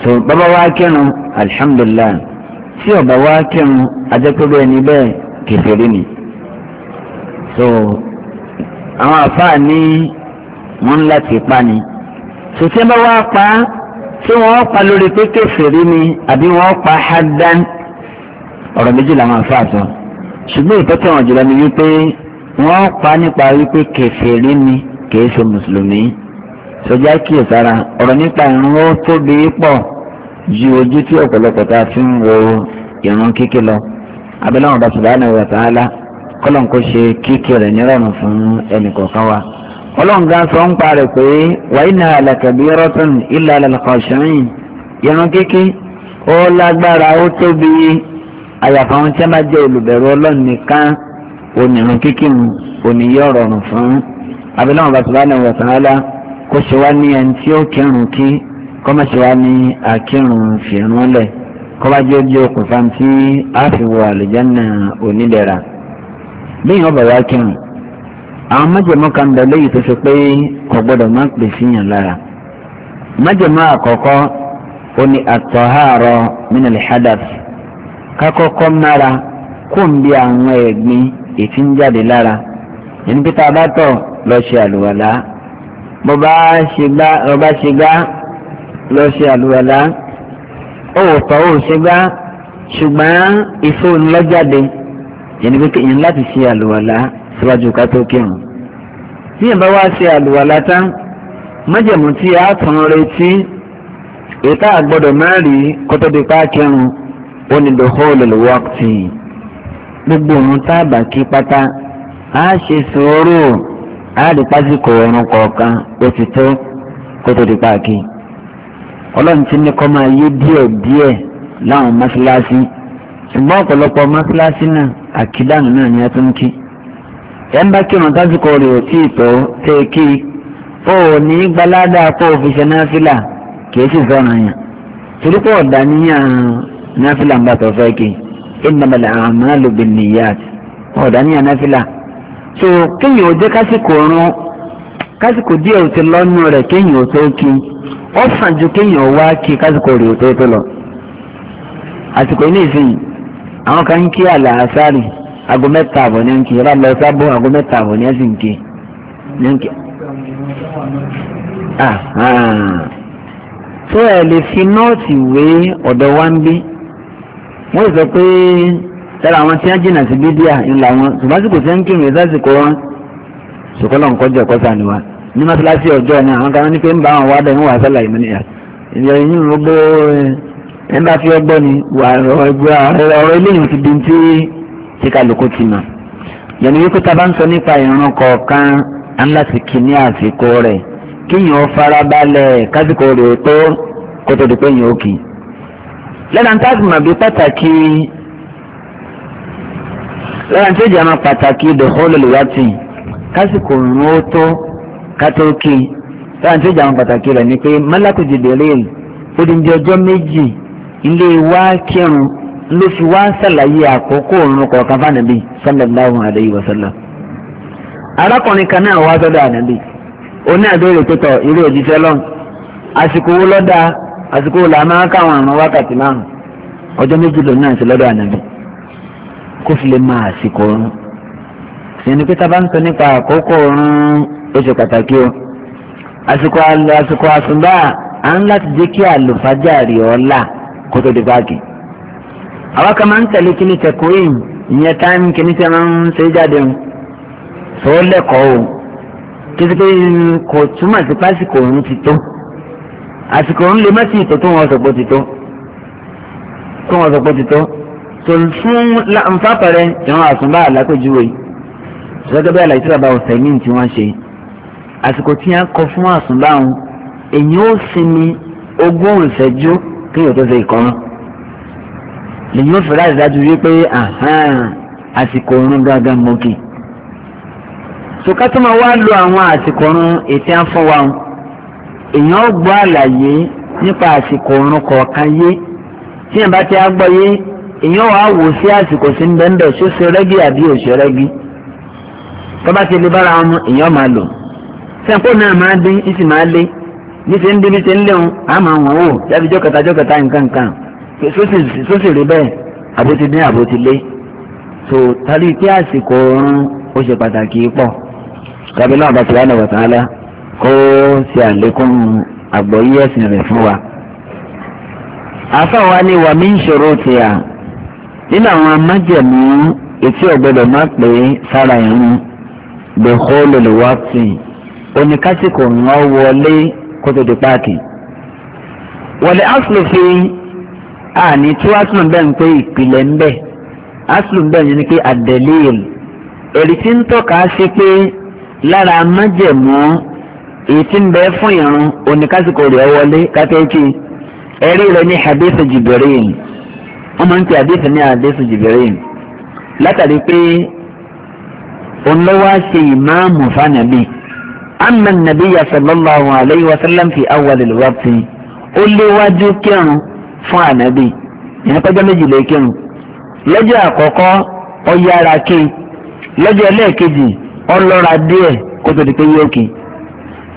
so bàbá wa kírun alihamudulilayi tí ọba wa kírun ajẹ́pẹ́bẹ́ ẹni bẹ́ẹ̀ kẹfẹ́rẹ́ ni so àwọn àfáà ní ń láti pa ni so tí bá wá pa á tí wọ́n pa lórí pé kèfèrí ni àbí wọ́n pa hadan ọ̀rọ̀ méjì làwọn afáàtọ̀ ṣùgbọ́n ìtọ́tọ̀ wọn jùlọ ni wípé wọ́n pa nípa wípé kèfèrí ni kìí ṣe mùsùlùmí sọjá kíyèsára ọ̀rọ̀ nípa ìrun ó tóbi pọ̀ ju ojú tí ọ̀pọ̀lọpọ̀ tá a fi ń wo ìrun kíkí lọ abẹ́lẹ́ wọn bá subhanahu wa ta'ala kọ́lọ̀ ń kó ṣe kíkí rẹ̀ nírọ̀rùn fún ẹnì kọ̀ọ̀kan wa ọlọ́run gan sọ ń parẹ̀ pé wàhínà àlàkàbí rọ́tún ilà àlàkọ̀ṣẹ́yìn irun kíkí ó lágbára ó tóbi àyàfà wọn tí a máa jẹ olùbẹ̀rù ọlọ́run nìkan onírun kíkí oníyẹ ọ̀rọ̀rùn fún abiláwọn bàtúbálẹ̀ wọ̀sánlá kó ṣe wá ní ẹni tí ó kírun kí kọ́ máa ṣe wá ní akírun fìrún lẹ̀ kọ́ bá jẹ́ ojú okùnfà tí a fi wọ àlùjánnà onídẹ̀ra bí ìyẹn ọ̀bà wá àwọn májèmọ́ kan bẹ lóyìí tó ṣe pé kò gbọ́dọ̀ má pè síyàn lára májèmọ́ àkọ́kọ́ ó ní àtọ̀hárọ̀ min al-hadath kákọ́kọ́ mára kó ń bí àwọn ẹ̀gbin ètí ń jáde lára ẹni pé tá a bá tọ̀ lọ ṣe àlùwàlá bó bá ṣe gbá lọ ṣe àlùwàlá ó tọ̀ ó ṣe gbá ṣùgbọ́n ìfowópamọ́ jáde ẹni pé kéèyàn láti ṣe àlùwàlá síwájú ká tó kírun. tí yẹn bá wá ṣe àlùwàlá tán májẹ̀mú tí a tún retí ètò àgbọ̀dọ̀ máa rí kótó di pa kírun ó ní the whole waqti gbogbo òun tá a bá kí pátá a ṣe sòórò a rí pásíkò ẹran kọ̀ọ̀kan ó ti tó kótó di pa kí. ọlọ́run ti ní kọ́ máa yé díẹ̀ díẹ̀ láwọn mọ́ṣáláṣí ṣùgbọ́n ọ̀pọ̀lọpọ̀ mọ́ṣáláṣí náà àkídànù náà ni a tún kí ẹ̀ ń bá kírun tásìkò rẹ̀ ò tí ì tó tẹ́ kí ó ní gbalada kó o fi ṣe náfìlà kìí sì sọ̀rọ̀ yẹn torí pé ọ̀dà níyàn náfìlà ń bá tọ́ fẹ́ kí innamal a'malu binniyat ọ̀dà níyàn náfìlà so kéèyàn ò jẹ́ kásìkò rún kásìkò díẹ̀ ò ti lọ́nu rẹ̀ kéèyàn ò tó kí ó sàn ju kéèyàn wá kí kásìkò rẹ̀ ò tó tó lọ àsìkò yìí nìsín àwọn kan ń kí àlàásárì aago mẹ́ta àbọ̀ ní nkì yọba lọ sábọ̀ aago mẹ́ta àbọ̀ ní ẹ̀sìn nkì ní nkì. tó ah, ah. ẹ lè fi nọ́ọ̀tì wé ọ̀dọ̀ wa ń bí wọ́n sọ pé lára àwọn tí wọ́n jìnnà sí bíbíà ńlá wọn ṣùgbọ́n àsìkò tí wọ́n ń kírun ìsásìkò wọn ṣùkọ́lọ̀ ń kọjọ ẹ̀kọ́ sànù wa ní mọ́tíláṣí ọjọ́ ni àwọn kan ní pé ń bá àwọn wádà ń wà sálà ìmọ̀nìyà ìyá yín ló gbé ẹ̀ ń bá fi ọgbọ́ ni ọ̀rọ̀ eléyìí ti di ti tí kálukú ti mọ̀ yẹnu wípé tá a bá ń sọ nípa ìran kọ̀ọ̀kan á ń láti kí ní àsìkò rẹ̀ kíyàn ó farabalẹ̀ kásìkò rẹ̀ tó kó tó di pé yàn ó kì í. lẹ́nà tá a pàtàkì lẹ́nà tí ó jẹ́ àmọ́ pàtàkì dòhólò kásìkò rún ó tó kátó kì í lẹ́nà tí ó pàtàkì rẹ̀ ni pé mọ́lákùjì dèrè ó di ní ọjọ́ méjì ilé wa kírun ló fi wá ṣàlàyé àkókò òun kọ̀ọ̀kan fánàbí sallallahu alayhi wa sallam. arákùnrin kan náà wá sọ́dọ̀ ànábì oní àbẹ̀rẹ̀ tó tọ̀ irú òjíṣẹ́ lọ́n àsìkò wo lọ́dà àsìkò wo làá máa káwọn àrùn wákàtí márùn ọjọ́ méjì lòun náà sí lọ́dọ̀ ànábì kó fi lè máa àsìkò òun. ìyẹnì pé tábà ń sọ nípa àkókò òun ó ṣe pàtàkì o àsìkò àsìkò àsùnbà à ń láti jẹ́ kí àlùfájàrí ọ̀la kó tó di báàgì àwọn kan máa ń tẹ̀lé kíní tẹ̀kúrìn ìyẹn táìmù kíní tẹ̀ máa ń ṣe jáde ń tó lẹ́kọ̀ọ́ o kíkẹ́ kò túmọ̀ sí pásìkò òun ti tó àsìkò òun lè má sí ìtò tó wọn sọ pé ti tó tó wọn sọ pé ti tó tó fún nfàpẹrẹ ìwọn àsùnbà àlákòjúwe gẹ́gẹ́ bí àlàyé tí bàbá ọ̀sẹ̀ ní tí wọ́n ṣe àsìkò tí wọ́n kọ fún àsùnbà òun èyí ó sinmi ogún ìṣẹ́jú kéèyàn tó ṣe ìkọ́rán lèyìn òfin láti dájú wípé àsìkò oorun gángan mọ́kì. sùkátùmọ̀ wá lo àwọn àsìkò oorun ètí àfọwà èèyàn gbọ́ àlàyé nípa àsìkò oorun kọ̀ọ̀kan yé tí yẹn bá ti á gbọ́ yé èèyàn wàá wò sí àsìkò sí ń bẹ́ńbẹ́ ṣó ṣe rẹ́gí àbí òṣè rẹ́gí tọ́ba ti lè bára wọn èèyàn máa lò sẹ́ńpọ̀ náà máa dín ìsì máa lé bí ń dín bí ń léwu àmọ́ wọn wò pé sósì rí bẹ́ẹ̀ àbó ti dín àbó ti lé so tali pé àsìkò oorun ó ṣe pàtàkì pọ̀ tàbí náà bá ti wá lọ́wọ́ tán á lá kó ṣe àlékún àgbọ́yé ẹ̀sìn rẹ̀ fún wa. afáwa ni wàmí ìṣòro ti à nínú àwọn amájẹ̀mú etí ọ̀gbọ́dọ̀ má pé sára ìrún gbẹ̀kọ́ lòlùwàtì oníkásìkò ń wọlé kó tó di páàkì. wọlé áṣùlùfín àní ah, tí aslum bẹ́ẹ̀ ń pé ìpìlẹ̀ ń bẹ̀ aslum bẹ́ẹ̀ yẹn ni pé àdẹ̀lẹ́yìn èrì tí ń tọ́ka sí pé lára májẹ̀mú èyí tí ń bẹ fún ìrun oníkásíkò rẹ̀ wọlé kátẹ́kì ẹ̀rí rẹ̀ ní hadith Jibril wọ́n máa ń pè hadith ní hadith Jibril látàrí pé olówó ṣe ìmáàmù fanabi amma nabiya sallallahu alayhi wa sallam fi awwalil waqti ó léwájú kírun fún ànábì ìyẹn pẹ́jọ́ méjì lè kírun lọ́jọ́ àkọ́kọ́ ó yára kí lọ́jọ́ ẹlẹ́ẹ̀kejì ó lọ́ra díẹ̀ di pé yóò kí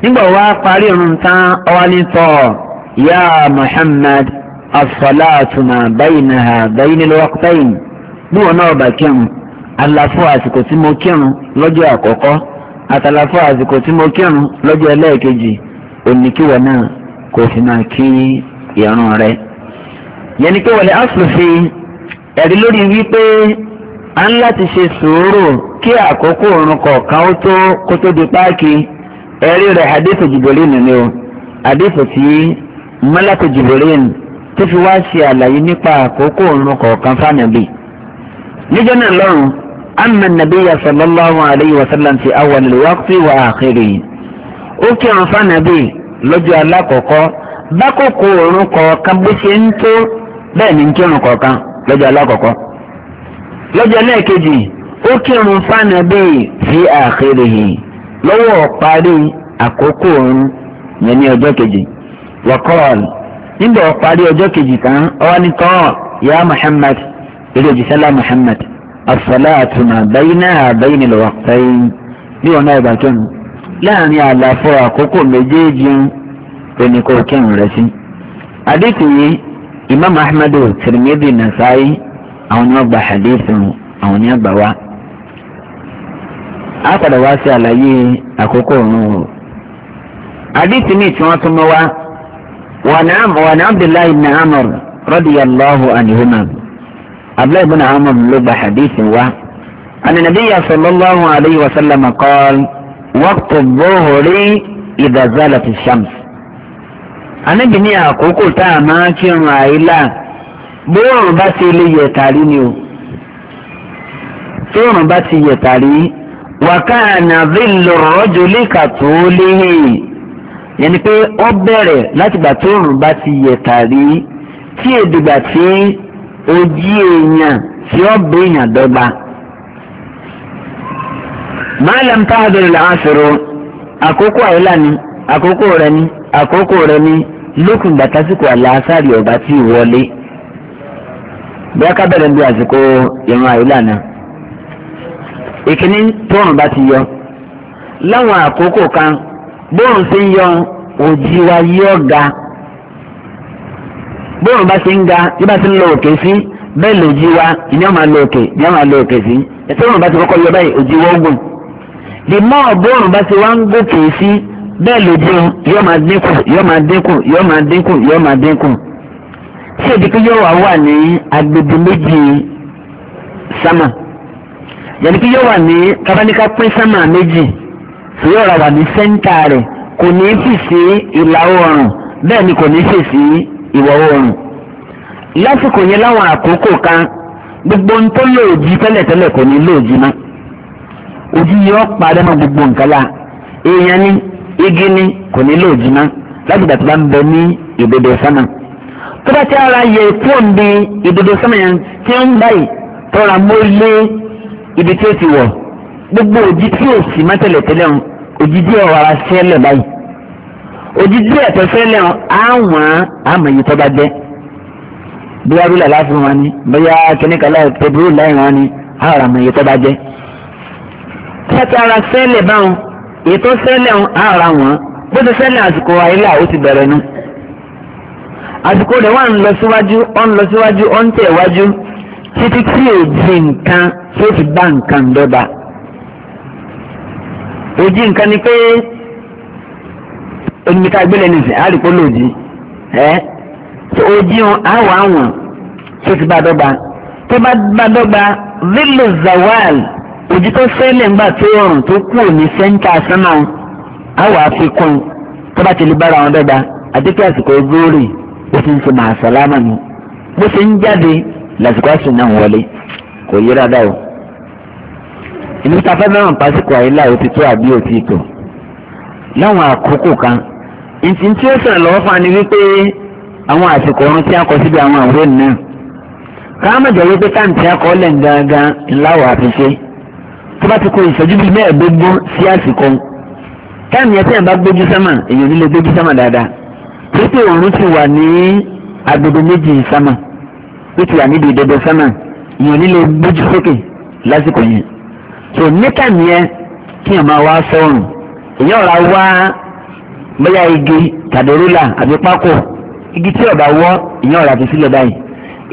nígbà wá parí irun tán ó ya Muhammad asalaatuma bayinaha bayinilwakutayin bí wọn náà bá kírun àlàfo àsìkò tí mo kírun lọ́jọ́ àkọ́kọ́ àtàlàfo àsìkò tí mo kírun lọ́jọ́ ẹlẹ́ẹ̀kejì òní náà kò fi máa kí ìrun rẹ̀ yẹn ni pé wọlé asòfin ẹ̀rí lórí wípé a ń láti ṣe sùúrù kí àkókò òrùn kọ̀ọ̀kan ó tó kó tó di páàkì ẹ̀rí rẹ̀ hadithu Jibril nìyẹn o hadithu tí mọ́lákù Jibril tó fi wá ṣe àlàyé nípa àkókò òrùn kọ̀ọ̀kan fànàbì níjọ́ náà lọ́rùn amma nabiya sallallahu alayhi wa sallam fi awwal waqti wa ó kí àwọn lọ́jọ́ alákọ̀ọ́kọ́ bákòókò òrùn kọ̀ọ̀kan bó ṣe ń tó bẹ́ẹ̀ ni ń kírun kọ̀ọ̀kan lọ́jọ́ alákọ̀ọ́kọ́ lọ́jọ́ lẹ́ẹ̀kejì ó kírun fáànà bíi fi àkèrèhì lọ́wọ́ parí àkókò òun yẹn ní ọjọ́ kejì wọ́kọ́ọ̀l nígbà ó parí ọjọ́ kejì tán ọwọ́ ní tọ́ ya Muhammad eré òjísálà Muhammad asalaatu ma bayna bayna al-waqtayn bí wọn náà bá kírun láàrin àlàfo àkókò méjèèjì òní kò kírun rẹ sí. adékùnrin imam ahmadu tirmidhi nasaayi àwọn ni wọn gba hadithun àwọn ni wọn gbà wá. a padà wá sí àlàyé àkókò òun o. hadith mi tí wọ́n tún mọ́ wá wà abdullahi ibn amr radiyallahu anhuma abdullahi ibn amr ló gba hadithun wá. أن النبي صلى الله عليه وسلم قال وقت الظهر إذا زالت الشمس anábì ní àkókò tá a máa kírun àìlà bóyá òrùn bá ti lè yẹ̀ tàrí ni o tí òrùn bá ti yẹ̀ tàrí wàká ànàbí lọ̀rọ̀jò líkà tó léhe yẹn ni pé ó bẹ̀rẹ̀ látìgbà tó òrùn bá ti yẹ̀ tàrí tí èdìgbà tí ojí èèyàn tí ó bẹ èèyàn dọ́gba. máàlám táwọn làwọn àṣírò àkókò àìlà ni àkókò rẹ ni àkókò rẹ ni lókun ìgbà tásìkò àlàásàrì ọ̀bá tí ì wọlé bí aká bẹ̀rẹ̀ bí àsìkò ìran àìlà ìkíní tóòrùn bá ti yọ láwọn àkókò kan bóòrùn ṣe ń yọ òjì wa yọ ga bóòrùn bá ṣe ń ga bí bá ṣe ń lọ òkè sí bẹ́ẹ̀ lòjì wa ìní ọ̀ma lọ òkè ìní ọ̀ma lọ òkè sí ẹ̀ tóòrùn bá ti kọ́kọ́ yọ báyìí òjì wa ó gùn. the more bóòrùn bá ṣe wá ń gòkè sí bẹ́ẹ̀ lòdì o yọ máa dínkù yọ máa dínkù yọ máa dínkù yóò máa dínkù tí èdè wà ní agbègbè méjì sámà yẹni pé yóò wà ní kábáníkà pín sámà méjì tí yóò ra wà ní sẹ́ńtà rẹ̀ kò ní fèsì ìlà oòrùn bẹ́ẹ̀ ni kò ní fèsì ìwọ̀ oòrùn lásìkò yẹn láwọn àkókò kan gbogbo ń tẹ́lẹ̀tẹ́lẹ̀ kò ní mọ́ mọ́ gbogbo igi ni kò nílò òjìná láti ìgbà tó bá ń bẹ ní ìdodo sánà tó bá ti ara yẹ kúrò ń bi ìdodo sánà yẹn tí ó ń báyìí tọ́ra mọ́ lé ibi tí ó ti wọ̀ gbogbo òjì tí ò sì má tẹ̀lẹ̀ tẹ́lẹ̀ ń òjì díẹ̀ wàrà sẹ́lẹ̀ báyìí òjì díẹ̀ tó sẹ́lẹ̀ ń àwọn àmọ̀ yìí tó bá jẹ́ bí wàá rúlà láti wọn ni bóyá kìnnìkanlá pẹ̀lú láì wọn ni àwọn àmọ̀ yìí tó bá jẹ́ tí a ti ara sẹ́lẹ̀ báwọn ètò ṣẹlẹ̀ ara wọn bó ti ṣẹlẹ̀ àsìkò àìlà ó ti bẹ̀rẹ̀ nu àsìkò rẹ̀ wà ń lọ síwájú ó ń lọ síwájú ó ń tẹ̀ wájú títí tí ò di nǹkan tí ó fi bá nǹkan dọ́ba òjì nǹkan ni pé onímọ̀ta gbélé ní ìsìn àríkó lòdì ẹ́ òjì hàn áwọ̀ àwọn tí ti bá dọ́ba tó bá dọ́ba lílo zawal. ojú tó fẹ́lẹ̀ ńgbà tó ọ̀rùn tó kú òní sẹ́ńtà sánà àwọn àfikún tó bá ti lè bára wọn dọ́gba àdékè àsìkò na ó sì ń màá sàlámà ni bó ṣe ń jáde lásìkò àṣù náà wọlé kò yíra dá o. ìlú tafẹ́ mẹ́ràn pásíkò àyílá ò ti tó àbí ò ti tò láwọn àkókò kan ìtì tí ó lọ́wọ́ fún ni wípé àwọn àsìkò tí a kọ síbi tó bá ti kó ìṣẹ́jú bíi mẹ́ẹ̀ẹ́dógún sí àsìkò táàmì ẹ̀tẹ́ ẹ̀ bá gbójú sámà èèyàn nílé gbójú sámà dáadáa pípé òórùn ti wà ní agbègbè méjì sámà ó ti wà níbi ìdẹ́dẹ́ sámà èèyàn nílé gbójú sókè lásìkò yẹn tó ní táàmì ẹ kí ẹ̀ máa wá sọ́ọ̀rùn èèyàn ọ̀rá wá bóyá igi tàbí rúlà àbí pákó igi tí ọ̀bà wọ́ èèyàn ọ̀rá fi sílẹ̀ báyìí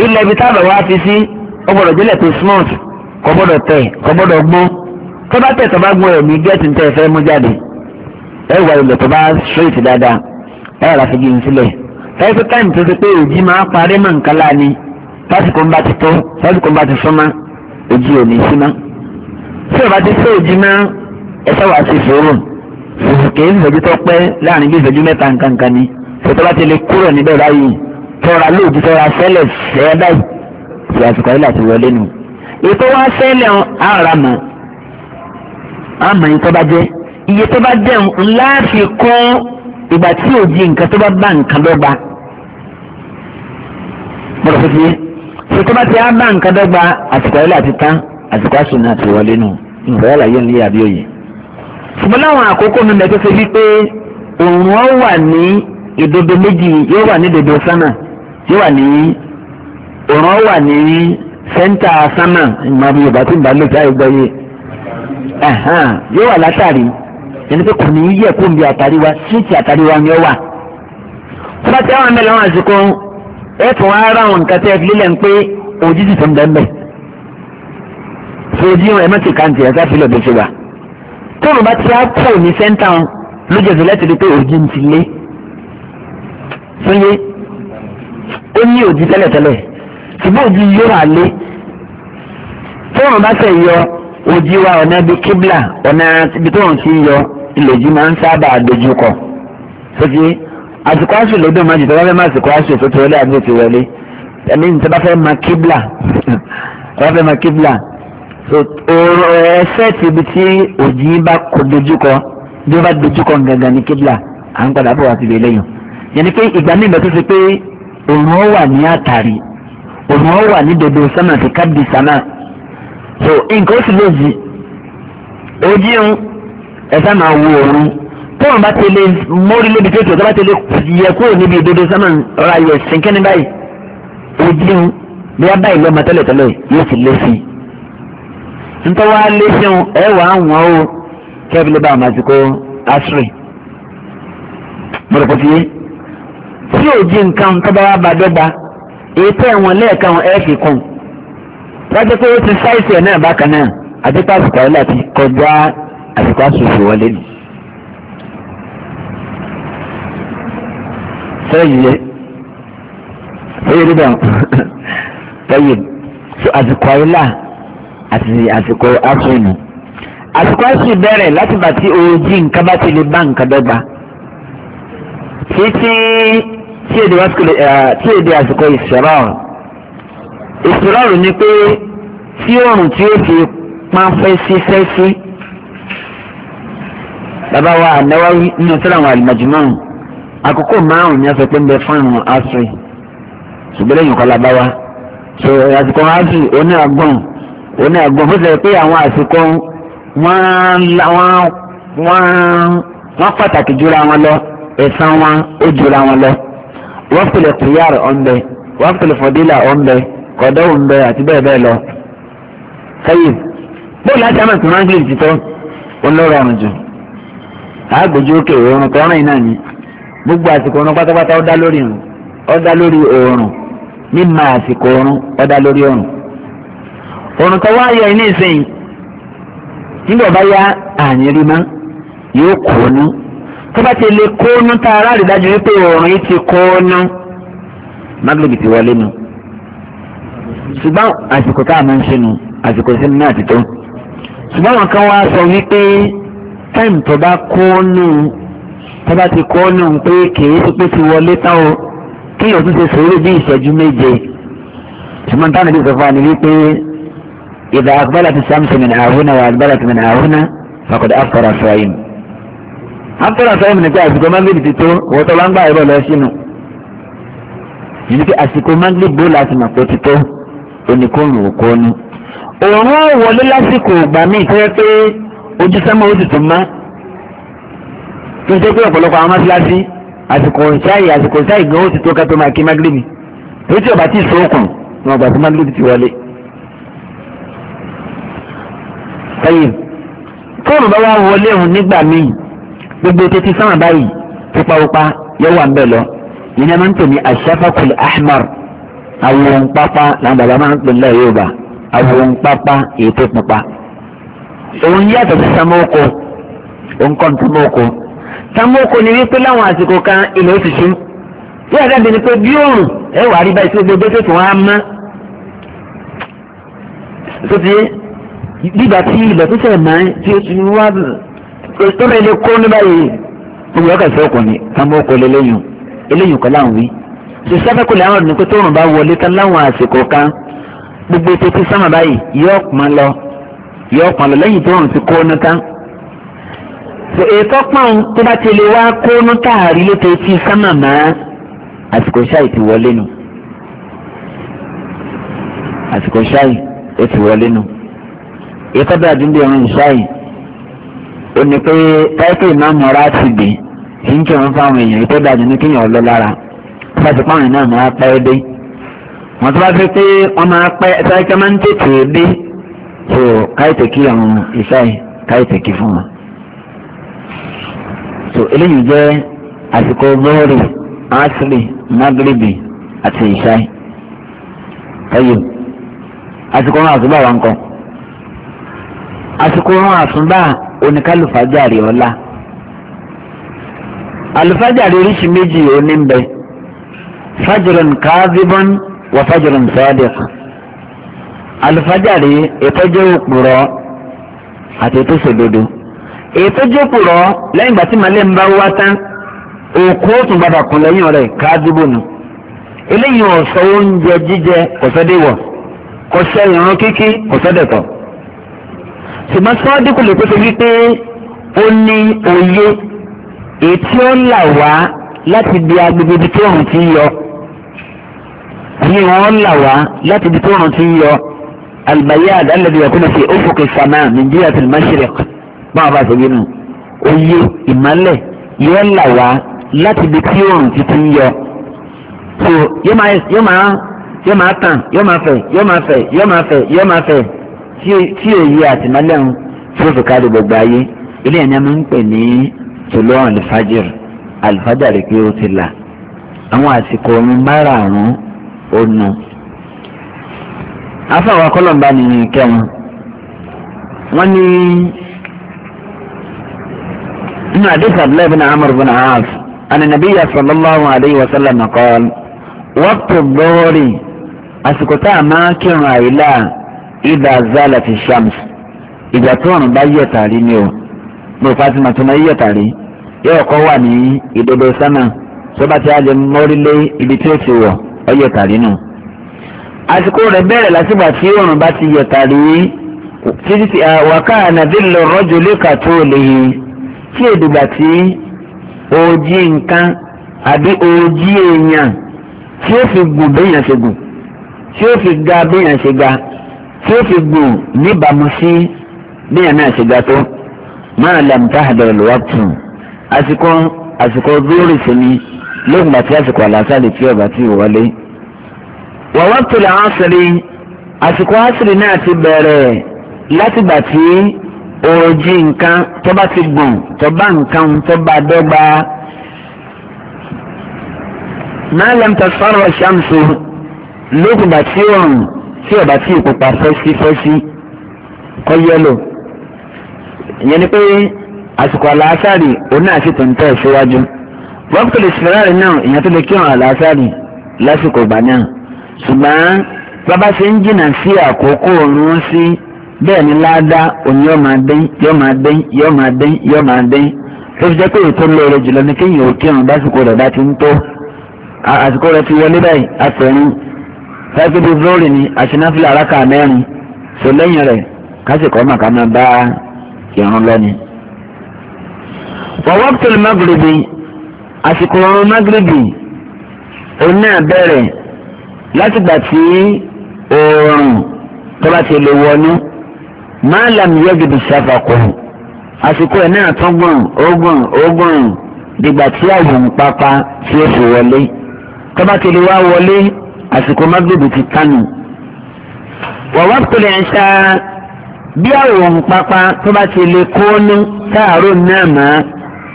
ilẹ̀ ibi táàbà wá fi sí ọgbọ̀dọ̀ jẹ́lẹ̀ tó smart kò gbọ́dọ̀ tẹ̀ kò gbọ́dọ̀ gbó tó bá tẹ̀ tó bá gbó ẹ̀mí gẹ́tì tẹ̀ fẹ́ mú jáde ẹ wà ilẹ̀ tó bá straight dáadáa ẹ yàrá fi gírin sílẹ̀ fẹ́ẹ́sì táìmù tó ti pé òjì máa parí mọ̀ nǹkan láàánú lásìkò ń bá ti tó lásìkò ń bá ti súnmọ́ òjì ò ní sí tí ò ti sí òjì mọ́ ẹ sáwà sí sòrò kèé ìfẹ̀jú tó pẹ́ láàrin bí ìfẹ̀jú mẹ́ta nǹkankan ni tó bá ti lè kúrò níbẹ̀ báyìí tọ́ra lóòjì tọ́ra sẹ́lẹ̀ sẹ́ẹ́ báyìí ìyàsùkọ̀ yìí láti wọlé nù ètò wa sẹ́lẹ̀ ara mọ̀ àmọ́ yìí tó bá jẹ́ iye tó bá jẹ́ ńlá fi kún ìgbà tí ò di nǹkan tó bá bá nǹkan dọ́gba bọ́dọ̀ fún mi ṣe tó bá ti á bá nǹkan dọ́gba àsìkò ayọ́lẹ̀ àti tán àsìkò àsùnà àti wọlé nù nǹkan ayọ́lẹ̀ ayé nílé àbí òye. ṣùgbọ́n láwọn àkókò mi mẹ́tọ́ ṣe bí òun ó wà ní ìdodo méjì yóò wà ní ìdodo sánà yóò wà ní òun ó wà ní sẹ́ńtà sánmà ìmọ̀ràn yorùbá tí ń bá lò táyé gbọ́ yé yóò wà látàrí ẹni pé kò ní yẹ kó ń àtàríwá síìtì àtàríwá ni ó wà. fúnpa tí àwọn mẹ́lẹ̀ wọn àsìkò ẹ fún wa ara àwọn nǹkan tẹ́ ẹ fi lẹ̀ ń pé òjijì tó ń bẹ́ẹ̀ bẹ́ẹ̀. fojú ẹ mọ́tì káǹtì ẹ̀ka fi lọ́dọ̀ ṣe wà. tóun bá ti á kú ní sẹ́ńtà lójú ẹ̀sìn láti rí pé òjì ń ti lé. fúnyé ó ní òjì tẹ́lẹ̀tẹ́lẹ̀ ṣùgbọ́n òjì yóò wà lé tóun bá tẹ̀ yọ ojú wa ọ̀nà bíi kíbla ọ̀nà ibi tóun ti yọ ìlòjú máa ń sábà dojúkọ. sọ́jí àsìkò àṣù lódò máa jù tó bá fẹ́ máa àsìkò àṣù tó ti wọlé àbí ti wọlé ẹni tó bá fẹ́ máa kíbla tó bá fẹ́ máa kíbla ẹsẹ̀ ti ibi tí òjì bá dojúkọ bí ó bá dojúkọ gangan ní kíbla à ń padà bọ̀ wá síbi eléyìí yẹn pé ìgbà míì tó ṣe pé òun ó wà ní àtàrí òun ó wà ní dodo sánà ti kábíyì sánà so nǹkan oṣù méjì ojíun ẹ̀sán máa wo òun tóun bá tẹ̀lé mórí lébi tó tó tó bá tẹ̀lé yẹ kúrò níbi ìdodo sámán ọ̀rọ̀ ayọ̀ ṣìnkẹ́ni báyìí ojíun bí wọ́n báyìí lọ́mọ tẹ́lẹ̀tẹ́lẹ̀ yóò sì lé sí i ntọ́wá lé síun ẹ wà á wọ́n o kẹ́bílẹ̀ bá àwọn àsìkò asiri mọ̀rọ̀kọ̀tìyé tí òjì nǹkan tó bá bá dọ́gba èyí tẹ́ ẹ̀wọ̀n lẹ́ẹ̀kan ẹ̀ fi kún un wájú pé ó ti ṣáìsì ẹ̀ náà bákan náà àdìpá àsìkò ayé láti kọjá àsìkò àsòfò wọlé nù. sẹ́yìn sẹ́yìn rí bẹ́ẹ̀ sẹ́yìn àsìkò ayé là àti àsìkò àsòfò nù. àsìkò àsòfò bẹ̀rẹ̀ láti bá tí òòjì nǹkan bá ti lè bá nǹkan dọ́gba títí tí èdè eh, àsìkò ìṣẹ̀rọ̀ ìsirọ́rù ni pé tí oòrùn tí ó fi pán fẹ́sífẹ́sí bàbá wa àdáwáwí nínú sílẹ̀ àwọn àlùmọ̀jùmọ́ àkókò márùn-ún ni a sọ pé ń bẹ fún àwọn asiri ṣùgbọ́n lẹ́yìn kọ́ la bá wa so àsìkò asiri oní àgbọ̀n oní àgbọ̀n fún sẹ́yìn pé àwọn àsìkò wọ́n pàtàkì jura wọn lọ ẹ̀sán wọn ó jura wọn lọ wọ́n pèlè kùyàrá ọ̀nbẹ wọ́n pèlè fọ̀dílà ọ̀nbẹ. kọ̀dọ́wò ń bẹ àti bẹ́ẹ̀ lọ. sẹ́yìn bó láti ti tọ́ olóró ọ̀run jù àgbèjì òkè òórùn kọrin náà ni gbogbo àsìkò pátápátá ó dá lórí ó dá lórí àsìkò ó dá lórí wá yọ ìsìn nígbà bá yá àyìn rí mọ́ yóò kóónú tó bá ti lè kóónú tá dájú wípé yìí ti kóónú ti wọlé ṣùgbọ́n àsìkò tá a máa ń ṣe nu àsìkò sínú náà ti tó ṣùgbọ́n àwọn kan wá sọ wípé táìmù tó bá kó nù tó bá ti kó nù pé kìí ṣe pé ti wọlé tán o kéèyàn tún ṣe sòwúrò bí ìṣẹ́jú méje ṣùgbọ́n táwọn ẹbí sọ fún wa ni wípé ìdá àgbàlá ti sàmùsùn mi ní àhúnà wà àgbàlá ti mi ní àhúnà fàkọ̀dé àfọ̀rọ̀ àfọ̀rọ̀ yìí after asọ́yìn àsìkò manglid ti tó wọ́n tó bá ń gbà ẹ̀rọ lọ sínú yìí ni pé àsìkò manglid bó láti mà pé ti tó oníkóòrùn òkú ọ́nú. òórùn wọlé lásìkò ìgbà míì tẹ́ pé ojú sẹ́mọ́ ó sì tún mọ́. tó ń ṣe pé ọ̀pọ̀lọpọ̀ àwọn mọ́síláṣí àsìkò ṣáì àsìkò ṣáì gan ó ti tó kẹ́tọ́ máa kí mágírìbì tó tí ọ̀bà tí ì sókùn ni ọ̀gbà tí mágírìbì ti wọlé. sẹ́yìn tóòrùn bá wá wọlé òun nígbà míì gbogbo tó ti sáwọn báyìí pípa pupa yóò wà ń bẹ̀ lọ ìyẹn máa ń tò ní aṣáfàkùl ahmar àwòrán pápá làwọn bàbá máa ń pè nílẹ̀ Yorùbá àwòrán pápá Papa, tó pupa òun yàtọ̀ sí samoko òun kọ́ ní samoko samoko ni wípé láwọn àsìkò kan ilẹ̀ oṣù ṣú bí àgbàdo ni pé bí òòrùn ẹ wà rí báyìí sí gbogbo tó tún á mọ́ tó ti dìgbà tí ilẹ̀ tó sẹ̀ máa ń tí ó ti wá tó bẹ́ẹ̀ lè kó ní báyìí gbogbo ọkọ̀ ìfẹ́ ọkùnrin samoko lélẹ́yìn eléyìn kọ́ láwọn wí ṣe sáfẹ́kù lẹ́yìn ọ̀dùn pé tóòrùn bá wọlé tán láwọn àsìkò kan gbogbo ètò tí sámà báyìí yóò pọn lọ yóò pọn lọ lẹ́yìn tóòrùn ti kó ní tán. sọ ètò pọ́n tó bá ti lè wá kó ní táàrí ló ti fi sámà mọ́ àsìkò ṣáì ti wọlé nu àsìkò ṣáì ó ti wọlé nu ètò bí àdúgbò ìrìn ṣáì ó ní pé táìpì máa mọ̀ra ti bì kí n kí wọn fáwọn èèyàn ètò ìdájọ́ ní kéèyàn lọ lára láti pọ́n náà máa pẹ́ dé wọ́n tó bá fi pé wọ́n máa pẹ́ ẹ̀ta ẹ̀ka máa ń tètè dé so káyọ̀tẹ̀ kí àwọn iṣẹ́ káyọ̀tẹ̀ kí fún wọn. so eléyìí jẹ́ àsìkò gbóòrè asiri magrebi àti iṣẹ́ ẹ̀yọ àsìkò wọn àtúbà wọn kọ àsìkò wọn àtúbà oníkàlùfájàre ọ̀la àlùfájàre oríṣi méjì onímbẹ́ fajirun kaadibon wa fajirun sadiq alifajari ìtọ́jú òpùrọ̀ àti ìtọ́jú òdodo ìtọ́jú òpùrọ̀ lẹ́yìn ìgbà tí màlẹ́ ń bá wá tán òkú ó tún bàbà kún lẹ́yìn rẹ̀ kaadibon nù eléyìí ò sọ oúnjẹ jíjẹ kò sọ dé wọ̀ kò sọ ìrun kíkí kò sọ dẹ̀tọ̀ ṣùgbọ́n sọ́ọ́dínkù lè pèsè wípé ó ní òye ètí ó là wá láti di agbègbè ibi tó rùn ti ń yọ àyè wọn là wá láti ibi tó rùn ti ń yọ albayad alladhi yakunu fi ufuqi samaa min jihati al-mashriq báwa bá ṣe gbénu oyè ìmọ́lẹ̀ yóò là wá láti ibi tí òrùn ti ti ń yọ so yóò máa yóò máa yóò máa tàn yóò máa fẹ̀ yóò máa fẹ̀ yóò máa fẹ̀ yóò máa fẹ̀ tí òye àtìmọ́lẹ̀ ń fún òfìkàdé gbogbo ayé ilé ẹ̀ ní a máa ń pè ní tòlóhàn lè fàjìrì àlùfájàre pé ó ti là àwọn àsìkò ọ̀run márààrún ó nu. afáwọn akọ́lọ́mbà ni kẹwọn wọ́n ní nínú àdéhùn abdullahi bin amr bin aaf àni nàbíyà sallallahu alayhi wa sallam kọ́ọ́l wọ́pọ̀ bọ́ọ̀rì àsìkò tá a máa kírun àyílà ìdá zálà shams ìgbà tó ọ̀run bá yẹ̀ tàrí ni o mo fàtí màtúmọ̀ yẹ̀ tàrí yóò kọ́ wà ní ìdodo sánà sọba tí a lè mórílé ibi tí ó ti wọ̀ ọ yẹ tàrí nù. àsìkò rẹ̀ bẹ̀rẹ̀ lásìgbà tí oòrùn bá ti yẹ tàrí títí tí àwàká ànàbí lọ rọ́jò lẹ́ka tó lè yìn tí èdùgbà tí òòjì nǹkan àbí òòjì èèyàn tí ó fi gùn béèyàn ṣe gùn tí ó fi ga béèyàn ṣe ga tí ó fi gùn níbàámu sí béèyàn náà ṣe ga tó máa làm táhàdà lọ́wọ́ tún àsìkò àsìkò zúrì sí ni lóògùn gbà tí àsìkò àlàásàlì tí ọba ti wọlé. wà wá pèlè àásìrì àsìkò àásìrì náà ti bẹ̀rẹ̀ látìgbà tí òòjì nǹkan tó bá ti gùn tó bá nǹkan tó bá dọ́gba. máa lẹ́m tó sọ̀rọ̀ ṣàǹsù lóògùn gbà tí òòrùn tí ọba ti pupa fẹ́sífẹ́sí kọ́ yẹ́lò ìyẹn ni pé àsìkò àlàásàrì òun náà sì tó ń tẹ̀ síwájú wọ́pẹ̀lẹ̀ sìfẹ́rẹ́rì náà ìyẹn tó lè kírun àlàásàrì lásìkò ìgbà náà ṣùgbọ́n bàbá ṣe ń jìnnà sí àkókò òun sí bẹ́ẹ̀ ni ládàá òun yóò máa dín yóò máa dín yóò máa dín yóò máa dín tó fi jẹ́ pé ètò lóore jùlọ ni kéèyàn ò kírun lásìkò rẹ̀ bá ti ń tó àsìkò rẹ̀ ti wọlé báyìí àtẹ̀rín fẹ́ẹ́kì bíi wọ́wọ́pẹ̀lú magrebi àsìkò ọ̀run magrebi òun náà bẹ̀rẹ̀ látìgbà tí oòrùn tó bá ti lè wọnú máa làm yẹ́gìdì ṣàfàkọ́ àsìkò ẹ̀ náà tán gbọ̀n ógbọ̀n ógbọ̀n dìgbà tí àyùn pápá tí ó fi wọlé tó bá ti lè wá wọlé àsìkò magrebi ti tánu wọ́wọ́pẹ̀lú ẹ̀ ṣáá bí àwòrán pápá tó ti lè kó ní sáàárò náà máa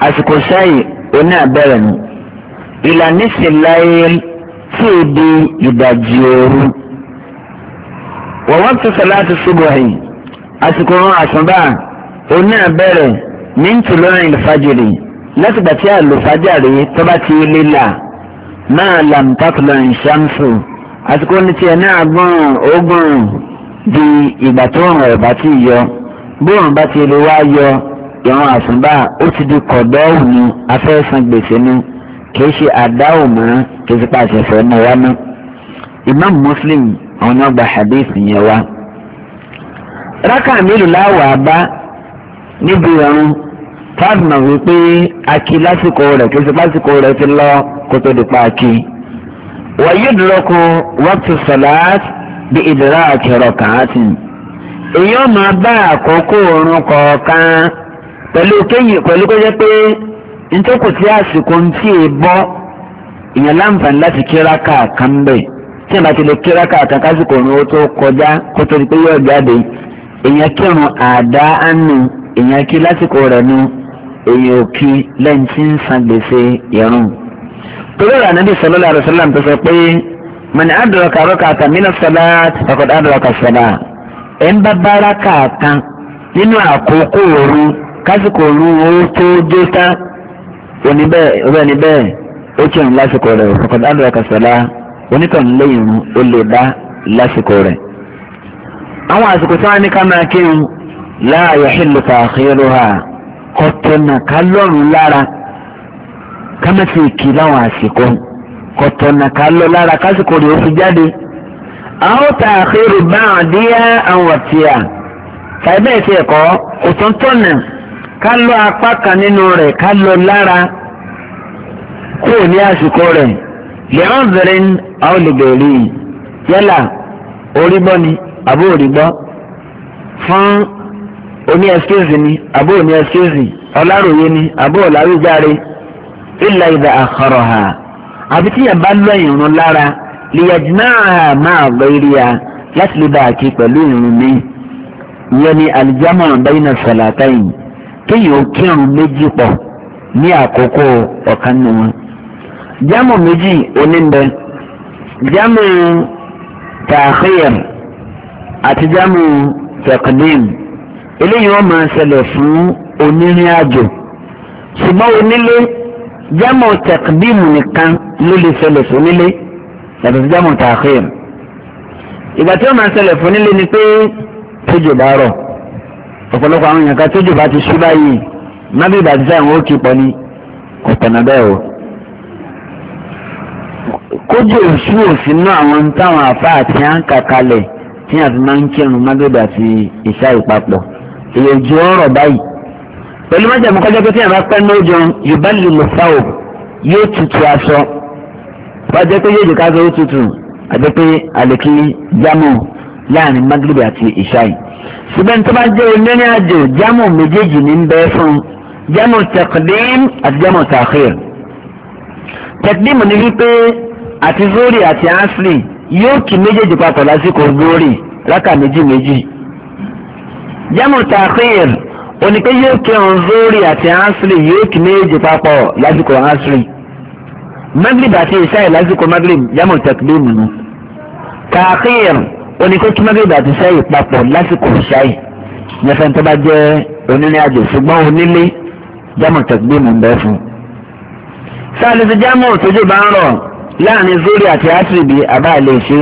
àsìkò sáyì oní abẹ́rẹ́ nù ìlànà ìsìláyé tí ì di ìdajì ooru wọ́n wọ́n ti sàlátì subuhi àsìkò wọn àsùnbà oní abẹ́rẹ́ ní ntùlọ́rin ìfàjìrì lẹ́sìgbà tí àlùfájàre tó bá ti lé là máa làǹtàkùlọ̀rin ṣàǹfù àsìkò ní tiẹ̀ náà gbọ́n ogún di ìgbà tó rùn ẹ̀ bá ti yọ bóun bá ti lè wá yọ ìran àsùnbà ó ti di kọ̀dọ́ òní afẹ́sàn gbèsè ni kìí ṣe àdá òmò kìí ṣe pàṣẹ fẹ́ mọ́ wa ná. Imam Muslim àwọn náà gba hadith yẹn wá. rákà mélòó láwàá bá níbi ìrọ̀rùn fáàmù wípé aki lásìkò rẹ̀ kìí ṣe rẹ̀ ti lọ kó tó di pa aki. wàyí dúrókò waqtu salat bí ìdúrà àkẹrọ kàá tì. èyí ọmọ bá àkókò òórùn kọ̀ọ̀kan pẹ̀lú kéyìn pẹ̀lú kó jẹ́ pé ntòkù tí àsìkò ń tí ì bọ́ ìyẹn láǹfààní láti kíráka kan bẹ́ẹ̀ tí a bá ti lè kíráka kan kásìkò òun ó tó kọjá kó tó di pé yóò jáde ìyẹn kírun àdá ánú ìyẹn kí lásìkò rẹ̀ nu èyí ò lẹ́yìn tí ń san gbèsè ìrun. torí ọ̀rọ̀ ànábì sallallahu alaihi wasallam tó sọ pé man adraka rak'atan mina salat faqad adraka salat ẹ̀ ń bá bára kàkan nínú àkókò òru kásìkò òru owó tó dé tá oníbẹ̀ ni bẹ́ẹ̀ ó tí òun lásìkò rẹ̀ fọkàndá lọ́wọ́ kàṣọ́lá onítọ̀hún lẹ́yìn òun ó lè dá lásìkò rẹ̀. àwọn àsìkò tí wọ́n ní ká máa kírun láàyò ìlú fàákìrò ha kọ́tọ́nà ká lọ́rùn lára ká má ti kì láwọn àsìkò kọ́tọ́nà ká lọ lára kásìkò rẹ̀ ó fi jáde. àwọn tààkìrò bá àwọn àwọn ọ̀tíyà tàbí ẹ̀sìn ẹ̀kọ́ òtúntọ́nà ká lọ apá kan nínú rẹ̀ ká lọ lára kúrò ní àsìkò rẹ̀ lẹ́wọ̀n bẹ̀rẹ̀ àwọn olùgbèrè yálà orígbọ́ ni àbó orígbọ́ fún oní ẹsikẹ́sì ni àbó oní ẹsikẹ́sì ọláròyé ni àbó ọ̀làwíjàre ìlà ìdá àkọrọ̀ ha àbí tíyàn bá lọ ìrún lára lìyàjìnà máa gbọ́ irí ya láti lè bá a kí pẹ̀lú ìrún mi ìyẹn ni alìjámọ̀ bẹ́yìn náà sọ̀làtàyìn kéèyàn ó kírun méjì pọ̀ ní àkókò ọ̀kan nù wọn. jámù méjì onímbẹ jámù tààkìyàn àti jámù tẹkùdìm eléyìí wọn máa ṣẹlẹ̀ fún onírìn àjò ṣùgbọ́n onílé jámù tẹkùdìm nìkan ló lè ṣẹlẹ̀ fún onílé yàtọ̀ sí jámù tààkìyàn ìgbà tí wọn máa ṣẹlẹ̀ fún onílé ni pé tójò bá rọ̀ ọ̀pọ̀lọpọ̀ àwọn èèyàn kan tójú bá ti ṣú báyìí nábì bá ti sáyẹn wọn ó kí pọ̀ ní kò tẹ̀nà bẹ́ẹ̀ o. kójú òṣù òfin náà àwọn táwọn àfa àti àǹkà kalẹ̀ tí a fi máa ń kírun mágbèbè àti ìṣá ìpapọ̀ èyí ojú ọ̀rọ̀ báyìí. pẹ̀lú májàmú kọjá pé tí a pẹ́ ní yorùbá lè lò fá o yóò tutù aṣọ wájú pé yóò dùkà sọ ó tutù àti pé àlèkí jámù láàrin mágbèbè àti ìṣá yìí ṣùgbọ́n tó bá jẹ́ onírìn àjò jámù méjèèjì ní bẹ́ẹ̀ fún jámù tẹ̀kídìm àti jámù tàkìr. tẹ̀kídìm ni wípé àti zori àti asli yóò kí méjèèjì papọ̀ lásìkò zori rákà méjì méjì. jámù tàkìr onípe yóò kí ọ̀hún zori àti asli yóò kí méjèèjì papọ̀ lásìkò asli. magrib àti ìṣáì lásìkò magrib jámù tẹ̀kídìm nù. tàkìr oníkó kí mẹ́gbẹ̀gbà àti sẹ́yìn papọ̀ lásìkò ṣáì nyẹfẹ́ tó bá jẹ́ onírìn àjò ṣùgbọ́n onílé jámọ̀ tẹ̀gbìmù ń bẹ́ fún un. sáàlì ti jámọ̀ tójú bá ń rọ̀ láàrin zuri àti asiribi àbá lè ṣe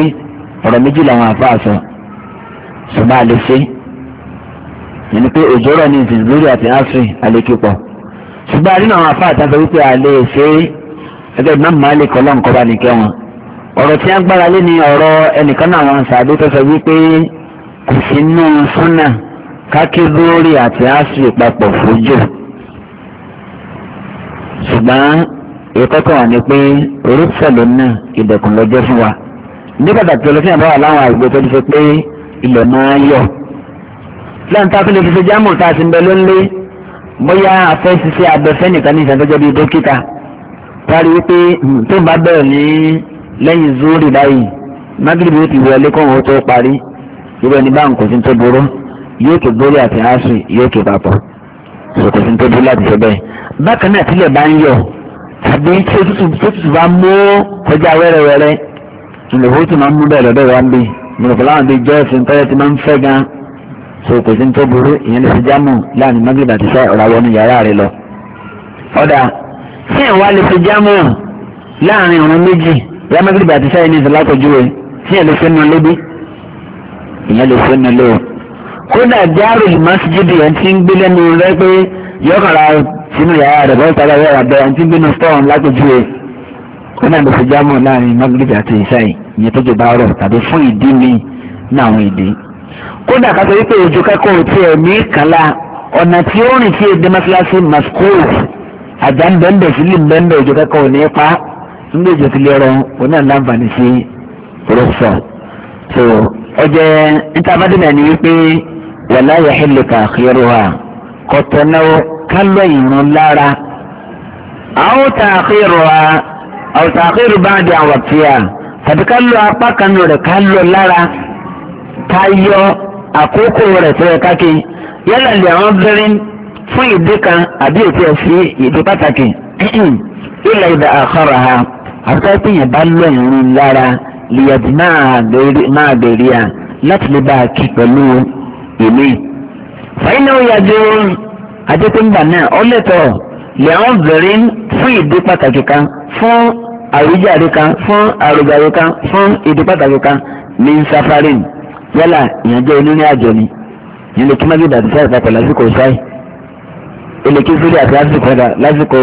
ọ̀rọ̀ méjì làwọn àfa àṣọ ṣùgbọ́n àlè ṣe yẹnni pé òjò rọ̀ ní ìsìn zuri àti asiri àlékipọ̀ ṣùgbọ́n àdínà àwọn àfa àtàkùn wípé àlè ṣe ẹgbẹ́ ìmáàmù ọ̀rọ̀ tí a gbára lé ní ọ̀rọ̀ ẹnìkan náà wọn sàdé tó sọ wípé kò sí nù súnà kákí lórí àti àṣù ìpapọ̀ fojú ṣùgbọ́n ìkọ́kọ̀ wà ní pé rúṣẹ̀lú náà ìdẹ̀kùn lọ́jọ́ fún wa ní pàtàkì olóṣèlú àbáwá láwọn àgbẹ̀ tó ti fi pé ilẹ̀ máa yọ̀ lẹ́yìn tá a fi lè fi ṣe jámù tá a ti ń bẹ lónìí bóyá afẹ́ ṣiṣẹ́ abẹ́fẹ́ nìkan ní ìṣàtọ́jọ́ bíi dókítà tá a rí i hmm, bá bẹ̀rẹ̀ ní lẹ́yìn zuri báyìí magrebi ó ti wọlé kó wọn ó tó parí irú ẹni báwọn kò sí tó burú yóò tó borí àti asri yóò tó papọ̀ so kò sí tó burú láti ṣe bẹ́ẹ̀ bákan náà tílẹ̀ bá ń yọ tàbí tí òtútù bá mú kọjá wẹ́rẹ́wẹ́rẹ́ ìlòwó tó máa ń mú bẹ́ẹ̀ lọ́dọ̀ wa ń bì mọ̀lọ́pọ̀ láwọn bíi jọ́ọ̀sì ńpẹ́rẹ́ ti máa ń fẹ́ gan so kò sí tó burú ìyẹn lè fi jámù láàrin magrebi àti sọ ọ̀rọ̀ àwọn yàrá rẹ lọ. ọ̀dà tí ẹ̀ lè fi jámù láàrin ọ̀run méjì ìyá mẹ́gídìbì àti sáyẹn ní ìsọ̀lá pẹ̀jú rẹ̀ tí ìyẹn lè fẹ́ nu lóbi ìyẹn lè fẹ́ nu lò. kódà jáàrò ìmọ̀síjìdì ẹ̀ ti ń gbé lẹ́nu rẹ pé yọkànlá sínú yàrá rẹ̀ bọ́ọ̀tà rẹ̀ àbẹ̀ ẹ̀ ti ń gbénu stọ́ọ̀n lápẹ̀jú rẹ̀ kódà ló fi jámọ̀ láàrin mẹ́gídìbì àti ìsáyẹn ìyẹn tó jù bá rọ̀ mi ní àwọn ìdí kódà ká sọ wípé ojú kẹ́kọ̀ọ́ tí ẹ̀ ní kàlá ọ̀nà tí ó rìn sí èdè mọ́sálásí masquerade àjà ń bẹ́ẹ̀ bẹ́ẹ̀ sí lè ń bẹ́ẹ̀ bẹ́ẹ̀ pa níbi ìjọ ti lè rọ òun náà láǹfààní sí rọ́ṣọ̀ tó ọjẹ́ níta bá dínà ní wípé wàlá yàhílù kàkírù wa kọ̀tọ̀ náà kálọ̀ ìrún lára àwọn tààkírù wa àwọn tààkírù bá di àwọn tíya tàbí kálọ̀ apá kan rẹ̀ kálọ̀ lára tayọ àkókò rẹ̀ tó yẹ káke yálà lè àwọn fún ìdí kan àbí ètò ẹ̀sìn ìdí pàtàkì ilẹ̀ ìdá àkọ́rọ̀ ha àfikọ́ pèèyàn bá lọ ìrìn lára lìyàdì máa bèrè à láti lè bá a kí pẹ̀lú èmi. fàyínà òyàjò adékúngbà náà ó lẹ́tọ̀ lẹ́hìn bẹ̀rẹ̀ fún ìdí pàtàkì kan fún àwíjàre kan fún àrògàre kan fún ìdí pàtàkì kan ní sáfárì yálà ìyànjẹ́ onírìn àjò ni nílé kí má bí dàdí papọ̀ lásìkò sáì ilé kí fúlẹ̀ àti lásìkò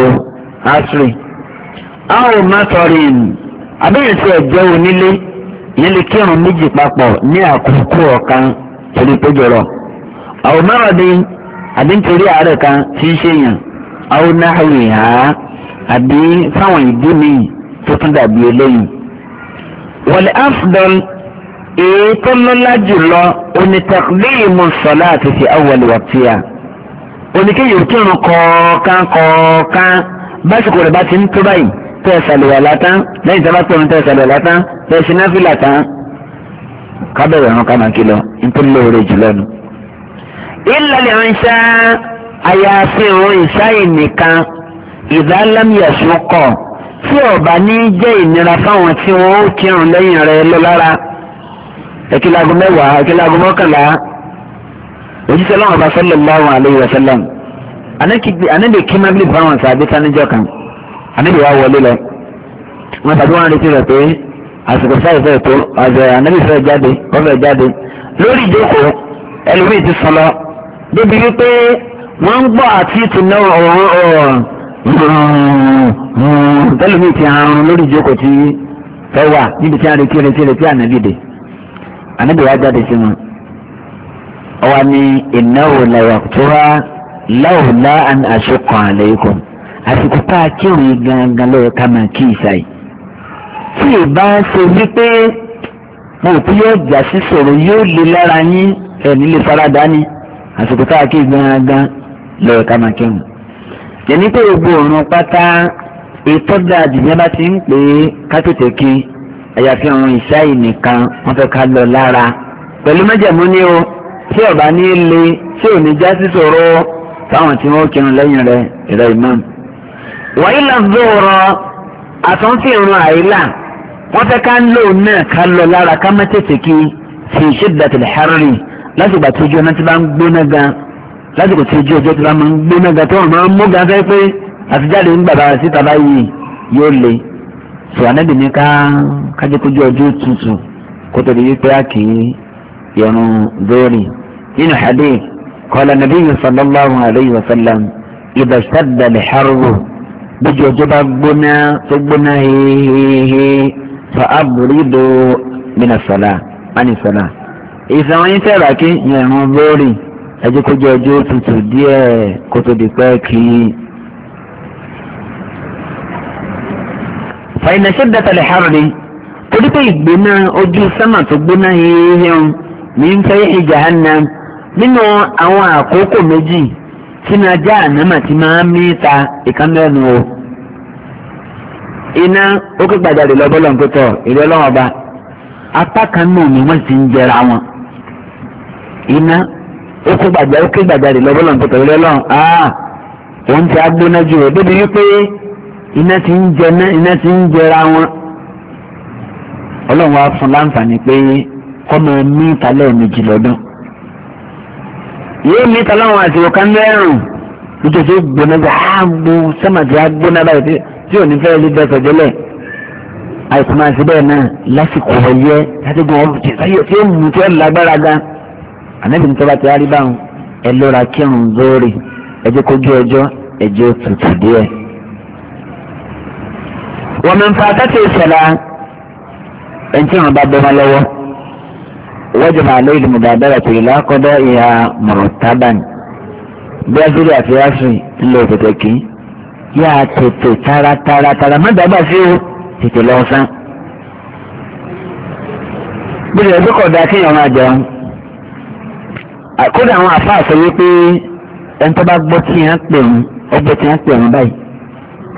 asiri. àwọn mọ́tọ́rin abẹ́rẹ́ sí ẹ̀jẹ̀ onílé yẹn kírun méjì papọ̀ ní àkókò ọ̀kan torí pé àwọn kan tí ń ṣèyàn àwọn náà rè àbí fáwọn ìdí tó tún dàbí eléyìí. èyí tó jùlọ àti ti oníkéyìí kírun kọ̀ọ̀kan kọ̀ọ̀kan rẹ̀ bá ti tẹ́ ṣàlùwà látán lẹ́yìn sábà pẹ̀lú tẹ́ ṣàlùwà látán tẹ́ ṣe náà fìlà tán kábẹ̀rẹ̀ ọ̀run ká máa kí lọ nítorí lóore jùlọ nu. ìlàlẹ̀ ìṣá àyàfi òun ìṣá ìnìkan ìdálámìyàsó kọ̀ tí ọ̀bà ní jẹ́ ìnira fáwọn tí wọ́n ó kírun lẹ́yìn rẹ̀ lọ lára ẹ̀kílagun mẹ́wàá ẹ̀kílagun mọ́kànlá òjíṣẹ́ lọ́wọ́ bá sallallahu alaihi wasallam anábìkí mábìlì anabi wa wọlé lọ wọn tàbí wọn retí rẹ pé àsìkò sáyẹ fẹẹ tó ọjọ anabi fẹẹ jáde wọn fẹẹ jáde lórí ìjókòó ẹlòmíì ti sọ lọ débi wípé wọn ń gbọ́ àti ìtùnú ọrùn ọrùn tẹlòmíì ti àrùn lórí ìjókòó ti fẹẹ wà níbi tí a retí retí retí anabi dé anabi wa jáde sí wọn ọwọ ni ìnáwó làwọn tó wá láwùlá àṣekọ àlẹ́ ikùn àsìkò tá a kírun yìí gangan lọ́wọ́ ká máa kí ìṣá yìí. tí ì bá ń ṣe wípé mo ti yóò jà sí sọ̀rọ̀ yóò lè lára yín ẹ̀ nílé farada ni àsìkò tá a kí gangan lọ́wọ́ ká máa kírun. yẹ̀ni pé gbogbo òrùn pátá ètò dáàdì yẹn bá ti ń pè é ká tètè kí àyàfi àwọn ìṣá yìí nìkan wọ́n fẹ́ ká lọ lára pẹ̀lú mẹ́jẹ̀mú ni o tí ọ̀bá ní le tí ò ní já sí sọ̀rọ̀ táwọn tí wọ́n kírun lẹ́yìn rẹ̀ ìrẹ́ ìmáàmù wàhálà zòòrọ̀ àtúntìrún àìlà wọ́n fẹ́ ká ń lò náà ká lọ lára ká má tètè kí fi ṣídàtì lẹ́hárì lásìgbà tí ojú ọ̀nà ti bá ń gbóná gan lásìkò tí ojú ọjọ́ ti bá máa ń gbóná gan tó máa ń mú gan fẹ́ pé àtijáde ń gbàgbà síta báyìí yóò le sọ ànábì ní ká kájẹ́ kójú ọjọ́ tutù kó tó di wípé a kì í yọrùn dóòrì nínú hadith qala nabiyyu sallallahu alayhi wa sallam idha shadda al bójú ọjọ́ bá gbóná tó gbóná hehehe fa aburido mina sọlá mani sọlá ìsàn yín tẹ̀rà kí yẹ̀rùn lórí ẹjẹ́ kójú ọjọ́ tutù díẹ̀ kó tó di pẹ́ kí. fàyínà ṣẹ́dá tẹ̀lé hàrùdí torí pé ìgbóná ojú sánmà tó gbóná hehehe ń ní fẹ́ ìjà hànà nínú àwọn àkókò méjì. sínú ajá ànámà tí máa ń mí ta ìkánnẹ́nu o iná ó ké lọ bọ́lọ̀ nkótó ìlú ọlọ́wọ́n ọba apá kan náà ni wọ́n ti ń jẹra wọn iná ó ó lọ bọ́lọ̀ nkótó ìlú ọlọ́wọ́n aa ah, òun ti agbóná jù rẹ̀ débi wípé iná ti ń iná ti ń jẹra wọn ọlọ́wọ́n á fún láǹfààní pé kọ́ máa mí ta yóò ní kaláwọn àti ọ̀kan mẹ́rùn nítorí gbóná bí aago ah, sẹ́màtì agbóná báyìí tí ò ní fẹ́ lé bẹ́ẹ̀ sọ̀jọ́lẹ̀ àìsàn máa ṣe bẹ́ẹ̀ náà lásìkò ọyẹ látìgbọ́n ọ̀rùn tí ó mú tí ó lágbára gan ànábì ní tọ́ba ti rárí báwọn ẹ lọ́ra kírun lórí ẹjẹ́ kojú ọjọ́ ẹjẹ́ òtútù díẹ̀. wọ́n mẹ́fà kẹ́kẹ́ ìṣẹ̀lá ẹ̀ ń bá bẹ́ wọn lọ́wọ́ wọ́jọ́ máa lóyún mùdàdára tó ìlà kọ́dọ̀ ìhà mọ̀rọ̀tábàn bí abiri àti asin lè tètè kí yá tètè tààràtààràtààrà má dàgbà sí o tètè lọ sán. bí ìrẹsì kọ̀ dá kéèyàn máa jẹun kódà àwọn àfa àṣọ wípé ẹni tó bá gbọ́ tí yẹn pè ń ọgbọ́ tí yẹn pè ń báyìí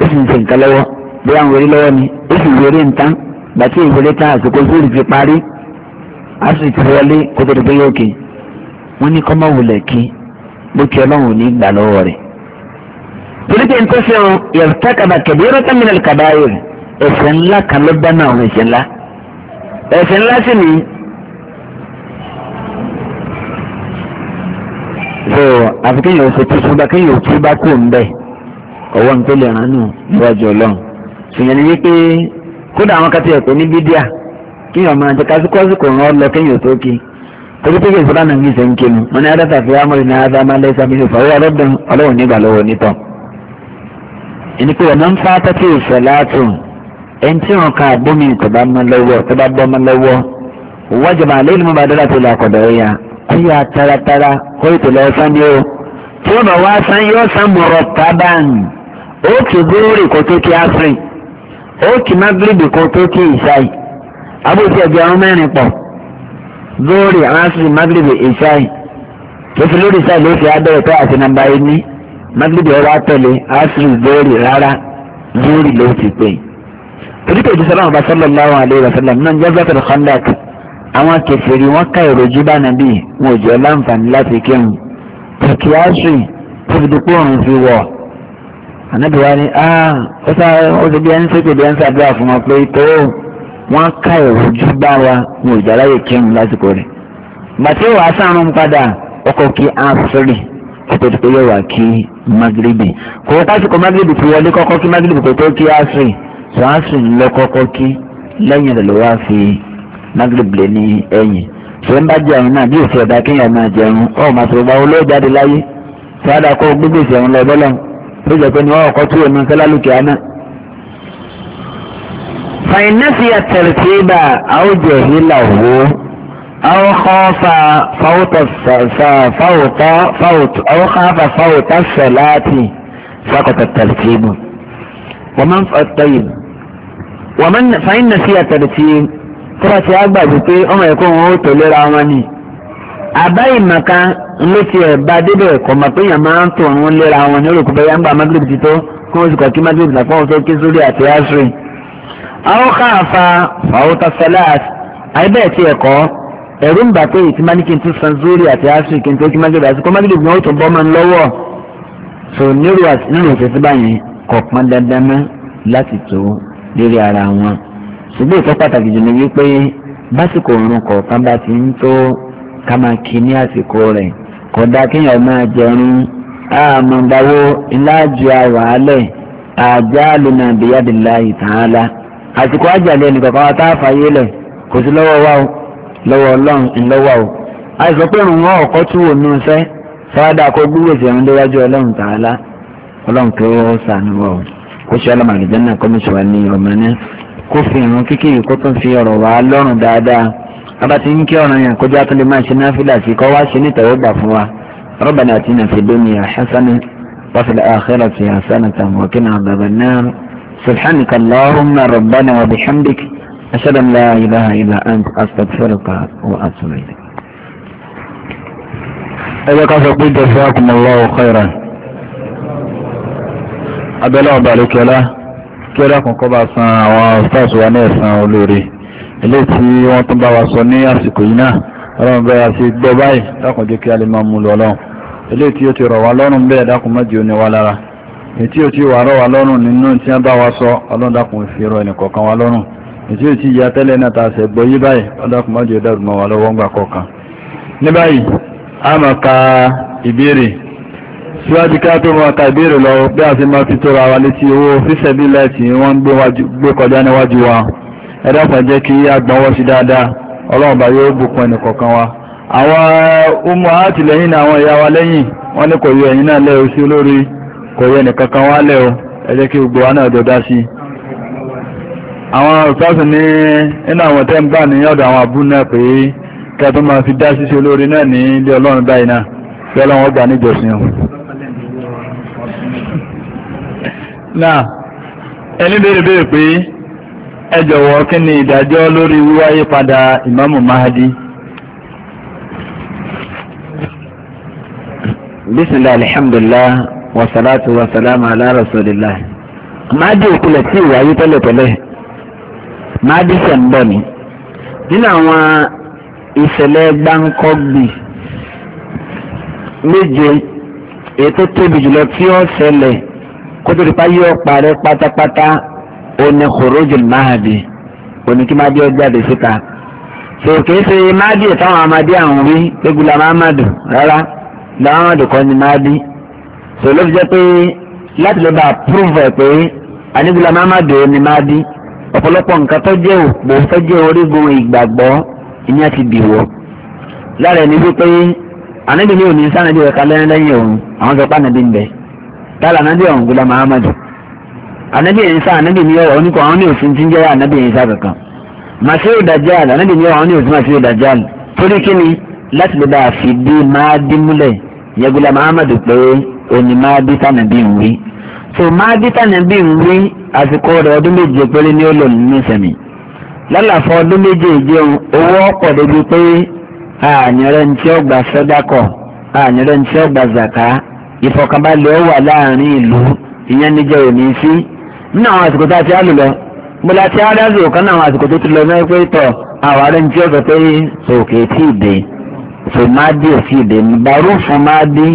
ó sì ń ṣe nǹkan lọ́wọ́ bí àwọn orí lọ́wọ́ ni ó sì ń wọlé ń bàtí ìwọlé tán àsìkò sí ìrìsì parí á sì kiri wọlé kó tó di pé yóò kí wọ́n ní kọ́mọ wulẹ̀ kí bó kí ọlọ́run ò ní gbà lọ́wọ́ rẹ̀. torí pé nǹkan ṣe o yàtàkàdà kẹ̀dẹ́rẹ́ kẹ́mìnà kàdá yìí ẹ̀ṣẹ̀ ńlá kan ló dáná àwọn ẹ̀ṣẹ̀ ńlá ẹ̀ṣẹ̀ ńlá sì ni so àfi kéèyàn ṣe tó ṣùgbọ́n kéèyàn tó bá kú ń bẹ̀ ọwọ́ ń tó lè rán nù níwájú ọlọ́run ṣùgbọ́n ni wípé kódà àwọn kátìyà pé ní bídíà kíyàn máa jẹ kásìkò àsìkò ràn ọ́ lọ kéèyàn tó kí torí pé kìí fúlànà yìí ṣe ń kinu wọn ni adáta fi amúrin náà adá máa lẹ́sà bí ìfọwọ́ ọlọ́dún ọlọ́run nígbà lọ́wọ́ nítọ̀. ẹni pé ọ̀nà ń fa tẹ́tí ìṣẹ̀láàtù ẹni tí wọn ka àbómi tó bá mọ lọ́wọ́ tó bá bọ́ mọ lọ́wọ́ wọ́jọba àlẹ́ ìlú bá dára tó lọ àkọ́dọ̀ ẹ̀yà kó yà taratara kó ètò lọ sán ni tí ó bá wá sán yóò sán mọ̀rọ̀ tábàn ó kì í gbóòrè kó tó kí áfírí ó kì í má abóòtí ẹgbẹ́ ọ̀rún mẹ́rin pọ̀ lórí asiri magrebi ìṣáì tó fi lórí ìṣáì ló fi abẹ́rẹ́ tó àti nàmbá yìí ní magrebi ọwọ́ àtẹ̀lé asiri lórí rárá lórí ló ti pè torí pé ìdí sọlọ́mù basọ́lọ́ láwọn àlẹ́ ìrọ̀sọ́lọ́ náà jẹ́ bẹ́tẹ̀ kọ́ndàk àwọn kẹfìrí wọn ká ìròjú bá nàbí wọn ò jẹ́ láǹfààní láti kírun tòkì asiri tó dúpọ̀ òrùn fi wọ̀ ànábìwá ah ó sá ó ti bí ẹni sépè bí ẹni sàdúrà fún pé tó wọ́n ká ìrújú bá wa ní ìjàláyè kírun lásìkò rẹ̀ gbàtí wàá sàrùn padà ọkọ̀ kí áfírì kótótó yóò wá kí magrebi kò kásìkò magrebi ti wọlé kọ́kọ́ kí magrebi kò tó kí áfírì sọ áfírì lọ kọ́kọ́ kí lẹ́yìn rẹ̀ ló wá fi magrebi lé ní ẹ̀yìn ṣé ń bá jẹun náà bí òfin ọ̀dà kéèyàn máa jẹun ọ̀ màá sọ̀rọ̀ bá olóò jáde láyé sọ́dà kó gbégbèsè ọ̀hún lọ fàìnẹ́sì àtẹ̀rẹ̀tẹ̀bà àwùjọ ìhìlà òwò àwòkọ́fà fáwòtà sẹ̀láàtì fákòtà tẹ̀rẹ̀tẹ̀bù wọ́n fàtẹ́yìn wọ́n fàìnẹ́sì àtẹ̀rẹ̀tẹ̀bù tọ́ba ti àgbàgbé pé ọmọ ẹ̀kọ́ wọn ó tó lera wọn ni àbáyé màkà ló ti ẹ̀ bá débẹ̀ kọ̀ mà pé yàn máa ń tọ̀ wọn lera wọn ní olùkọ́ bẹ́ẹ̀ yà ń gba magrib ti tó kí wọ́n sì kọ́ kí magrib nàpọ̀ wọn tó kí sórí àti asiri àwọn káàfa fàwọ́tà sẹ́láàt àìbẹ́ẹ̀ tí ẹ̀kọ́ ẹ̀rú ń bà pé ìtìmánì kí n tún san zuri àti asiri kí n tó kí mágídé àti kó mágídé gbọ́n ó tún bọ́ máa ń lọ́wọ́ so nírú nínú ìṣẹ́sí báyìí kò pọn dandan mọ́ láti tó lérí ara wọn ṣùgbọ́n ìtọ́ pàtàkì jù ní wípé básìkò òrùn kọ̀ọ̀kan bá ti ń tó ká máa kí ní àsìkò rẹ̀ kódà kéèyàn máa jẹun àmọ̀dáwó ńlá ju àwàálẹ̀ àjálùnàbíyàdìláì tààlà àsìkò àjàlẹ̀ nìkan kan tá a fàyè lẹ̀ kò sí lọ́wọ́ wa o lọ́wọ́ ọlọ́run ńlọ́wọ́ o a sọ pé òun wọn ọ̀kọ́ tún wò nù sẹ́ sáádà kó gbúgbèsè ẹ̀rùn déwájú ọlọ́run tààlà ọlọ́run kí ó sànù wọ̀ o kó ṣe ọlọ́mọ àlùjànnà kọ́míṣọ́ wa ní ọmọ náà kó fi ìrún kíkì kó tún fi ọ̀rọ̀ wá lọ́rùn dáadáa bàbá ń kí ọ̀ràn yẹn kó jẹ́ tó máa ṣe náfìlà sí kọ́ wá ṣe nítẹ̀wọ́gbà fún wa Rabbana wa fil akhirati hasanatan wa qina adhaban سبحانك اللهم ربنا وبحمدك أشهد أن لا إله إلا أنت أستغفرك وأتوب إليك ẹgbẹ́ ká sọ pé jazakumullahu khairan abẹ́lẹ́ ọba àlékẹ́lá kí ó dákun kọ́ bá san àwọn stars wa ní ẹ̀san olóore ilé tí wọ́n tún bá wa sọ ní àsìkò yìí náà ọlọ́run bẹ́ẹ̀ a ti gbọ́ báyìí dákun jẹ́ kí a lè máa mú lọ lọ́run ilé tí ó ti rọ̀ wá lọ́rùn bẹ́ẹ̀ dákun má jẹ́ ó ní wa lára ètí ò tí wà rọ́ wa lọ́rùn nínú tí a bá wa sọ ọlọ́dàkùn ìfèrò ẹnìkọ̀ọ̀kan wa lọ́rùn ètí ya tẹ́lẹ̀ náà tàà sẹ̀gbọ́ yí báyìí ọlọ́dàkùn wa lọ́wọ́ ńgbà kọ̀ọ̀kan ní báyìí a máa ka ìbéèrè síwájú ká tó ka ìbéèrè lọ bí a máa fi tó ra wa létí owó fíṣẹ̀bí wọ́n kò yẹ nìkankan wálẹ̀ o ẹ kí gbogbo wa náà dá sí àwọn òtọ́sùn ní inú àwọn tẹ́ ń gbà ní ọ̀dọ̀ àwọn náà pé kẹtọ́ máa fi dá síse olórin náà ní ilé ọlọ́run báyìí náà bí ọlọ́run ọgbà níjọsìn o náà ẹni pé ni ìdájọ́ lórí wíwáyé padà Mahadi wasalaatu wasalaamu ala rasulillah maadi òkulẹ̀ tí ìwà yìí tẹ́lẹ̀tẹ́lẹ̀ maadi sẹ̀ńbọ̀ ni nínú àwọn ìṣẹ̀lẹ̀ gbáǹkọ́gbì méje ètò tóbi jùlọ tí ó ṣẹlẹ̀ kótódi pa yóò parẹ́ pátápátá oní kòrójìl máàdì oní kí máàdì ọjáde síta so kìí ṣe máàdì táwọn amadé àwọn wí gbégbúlà máàmàdù rárá làwọn àdùkọ́ ni máàdì sọlọ fi jẹ́ pé láti lè bá prove ẹ pé anigula mamadu ni máa di ọ̀pọ̀lọpọ̀ nǹkan tó jẹ́ òpó tó jẹ́ orígun ìgbàgbọ́ ìní àti bìwọ́ lára ẹni wípé ànábì ní òní sànàbí ẹ̀ka lẹ́yìn lẹ́yìn òun àwọn sọ pé ànábì ń bẹ tálà ànábì ọ̀hún gula mamadu ànábì yẹn sá ànábì ní ọ̀rọ̀ oníkọ̀ àwọn ní òfin ti ń jẹ́ ànábì yẹn sá kankan màsíwò dàjáàlì ànábì ní ọ̀rọ̀ àwọn ní òfin màsíwò dàjáàlì torí kíni láti lè bá a fi bí máa dín múlẹ̀ yẹ gula mamadu pé oni máa bí sànàbí ń wí so máa bí sànàbí ń wí àsìkò rẹ̀ ọdún méje péré ni ó lò nínú ìsẹ̀mí lálàfọ ọdún méje ìjẹun owó ọ̀pọ̀ débi pé ànírẹ́ ní tí ó gbà sọ́dákọ̀ ànírẹ́ ní tí ó gbà zàká ìfọ̀kànbalẹ̀ ó wà láàrin ìlú ìyẹn níjẹ́ òní sí nínú àwọn àsìkò tá a ti á lò lọ gbọ́dọ̀ tí adájú kan náà àwọn àsìkò tó ti lọ náà pé tọ̀ àwọn ará ń tí pé sòkè tí ì dé sòmádìí ò sí dé bàrú fún mádìí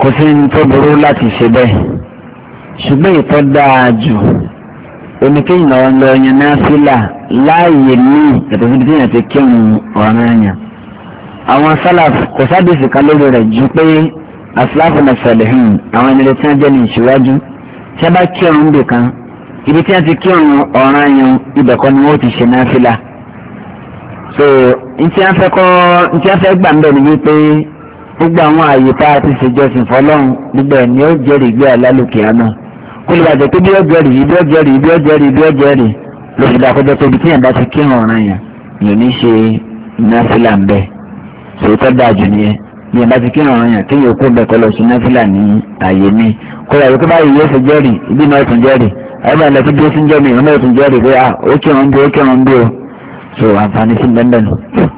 kò sí ní tó burú láti ṣe bẹ́ẹ̀ ṣùgbọ́n ìtọ́ dáa jù oníkéyìn náà ń lọ yan náfìlà láàyè ní ìyàtọ̀ síbi tí èèyàn ti kírun ọ̀ràn yẹn àwọn sálàf kò sábẹ́sì kan lórí rẹ̀ ju pé asláfù náà salihin àwọn ènìyàn tí wọ́n jẹ́ ní ìṣíwájú tí wọ́n bá kírun bìkan ibi tí wọ́n ti kírun ọ̀ràn yẹn ibẹ̀ kọ́ ni wọ́n ti ṣe náfìlà so ntí wọ́n fẹ́ gbà ń bẹ̀ ni wípé gbogbo àwọn àyè tá a ti ṣèjọsìn fọlọ́run gbogbo ẹ̀ ni ó jẹ́rìí gbé àlálùkì àná kó lè bàjẹ́ pé bí ó jẹ́rìí bí ó jẹ́rìí bí ó jẹ́rìí bí ó jẹ́rìí ló fi dàkọ́jọ́ tóbi tí yàrá ti kírun ọ̀ràn yàn yóò ní ṣe náfìlà ń bẹ sòótọ́ dáa nìyẹn yàrá ti kírun ọ̀ràn yàn kéèyàn kó bẹ̀ kọ́ sí náfìlà ní àyè mi kó lè àyíkó báyìí yóò fi jẹ́rìí ibi náà tún jẹ́rìí àyíkó àlẹ́ fi dúró sí jẹ́rìí ìrànlọ́wọ́ tún jẹ́rìí ah, so àǹfààní sí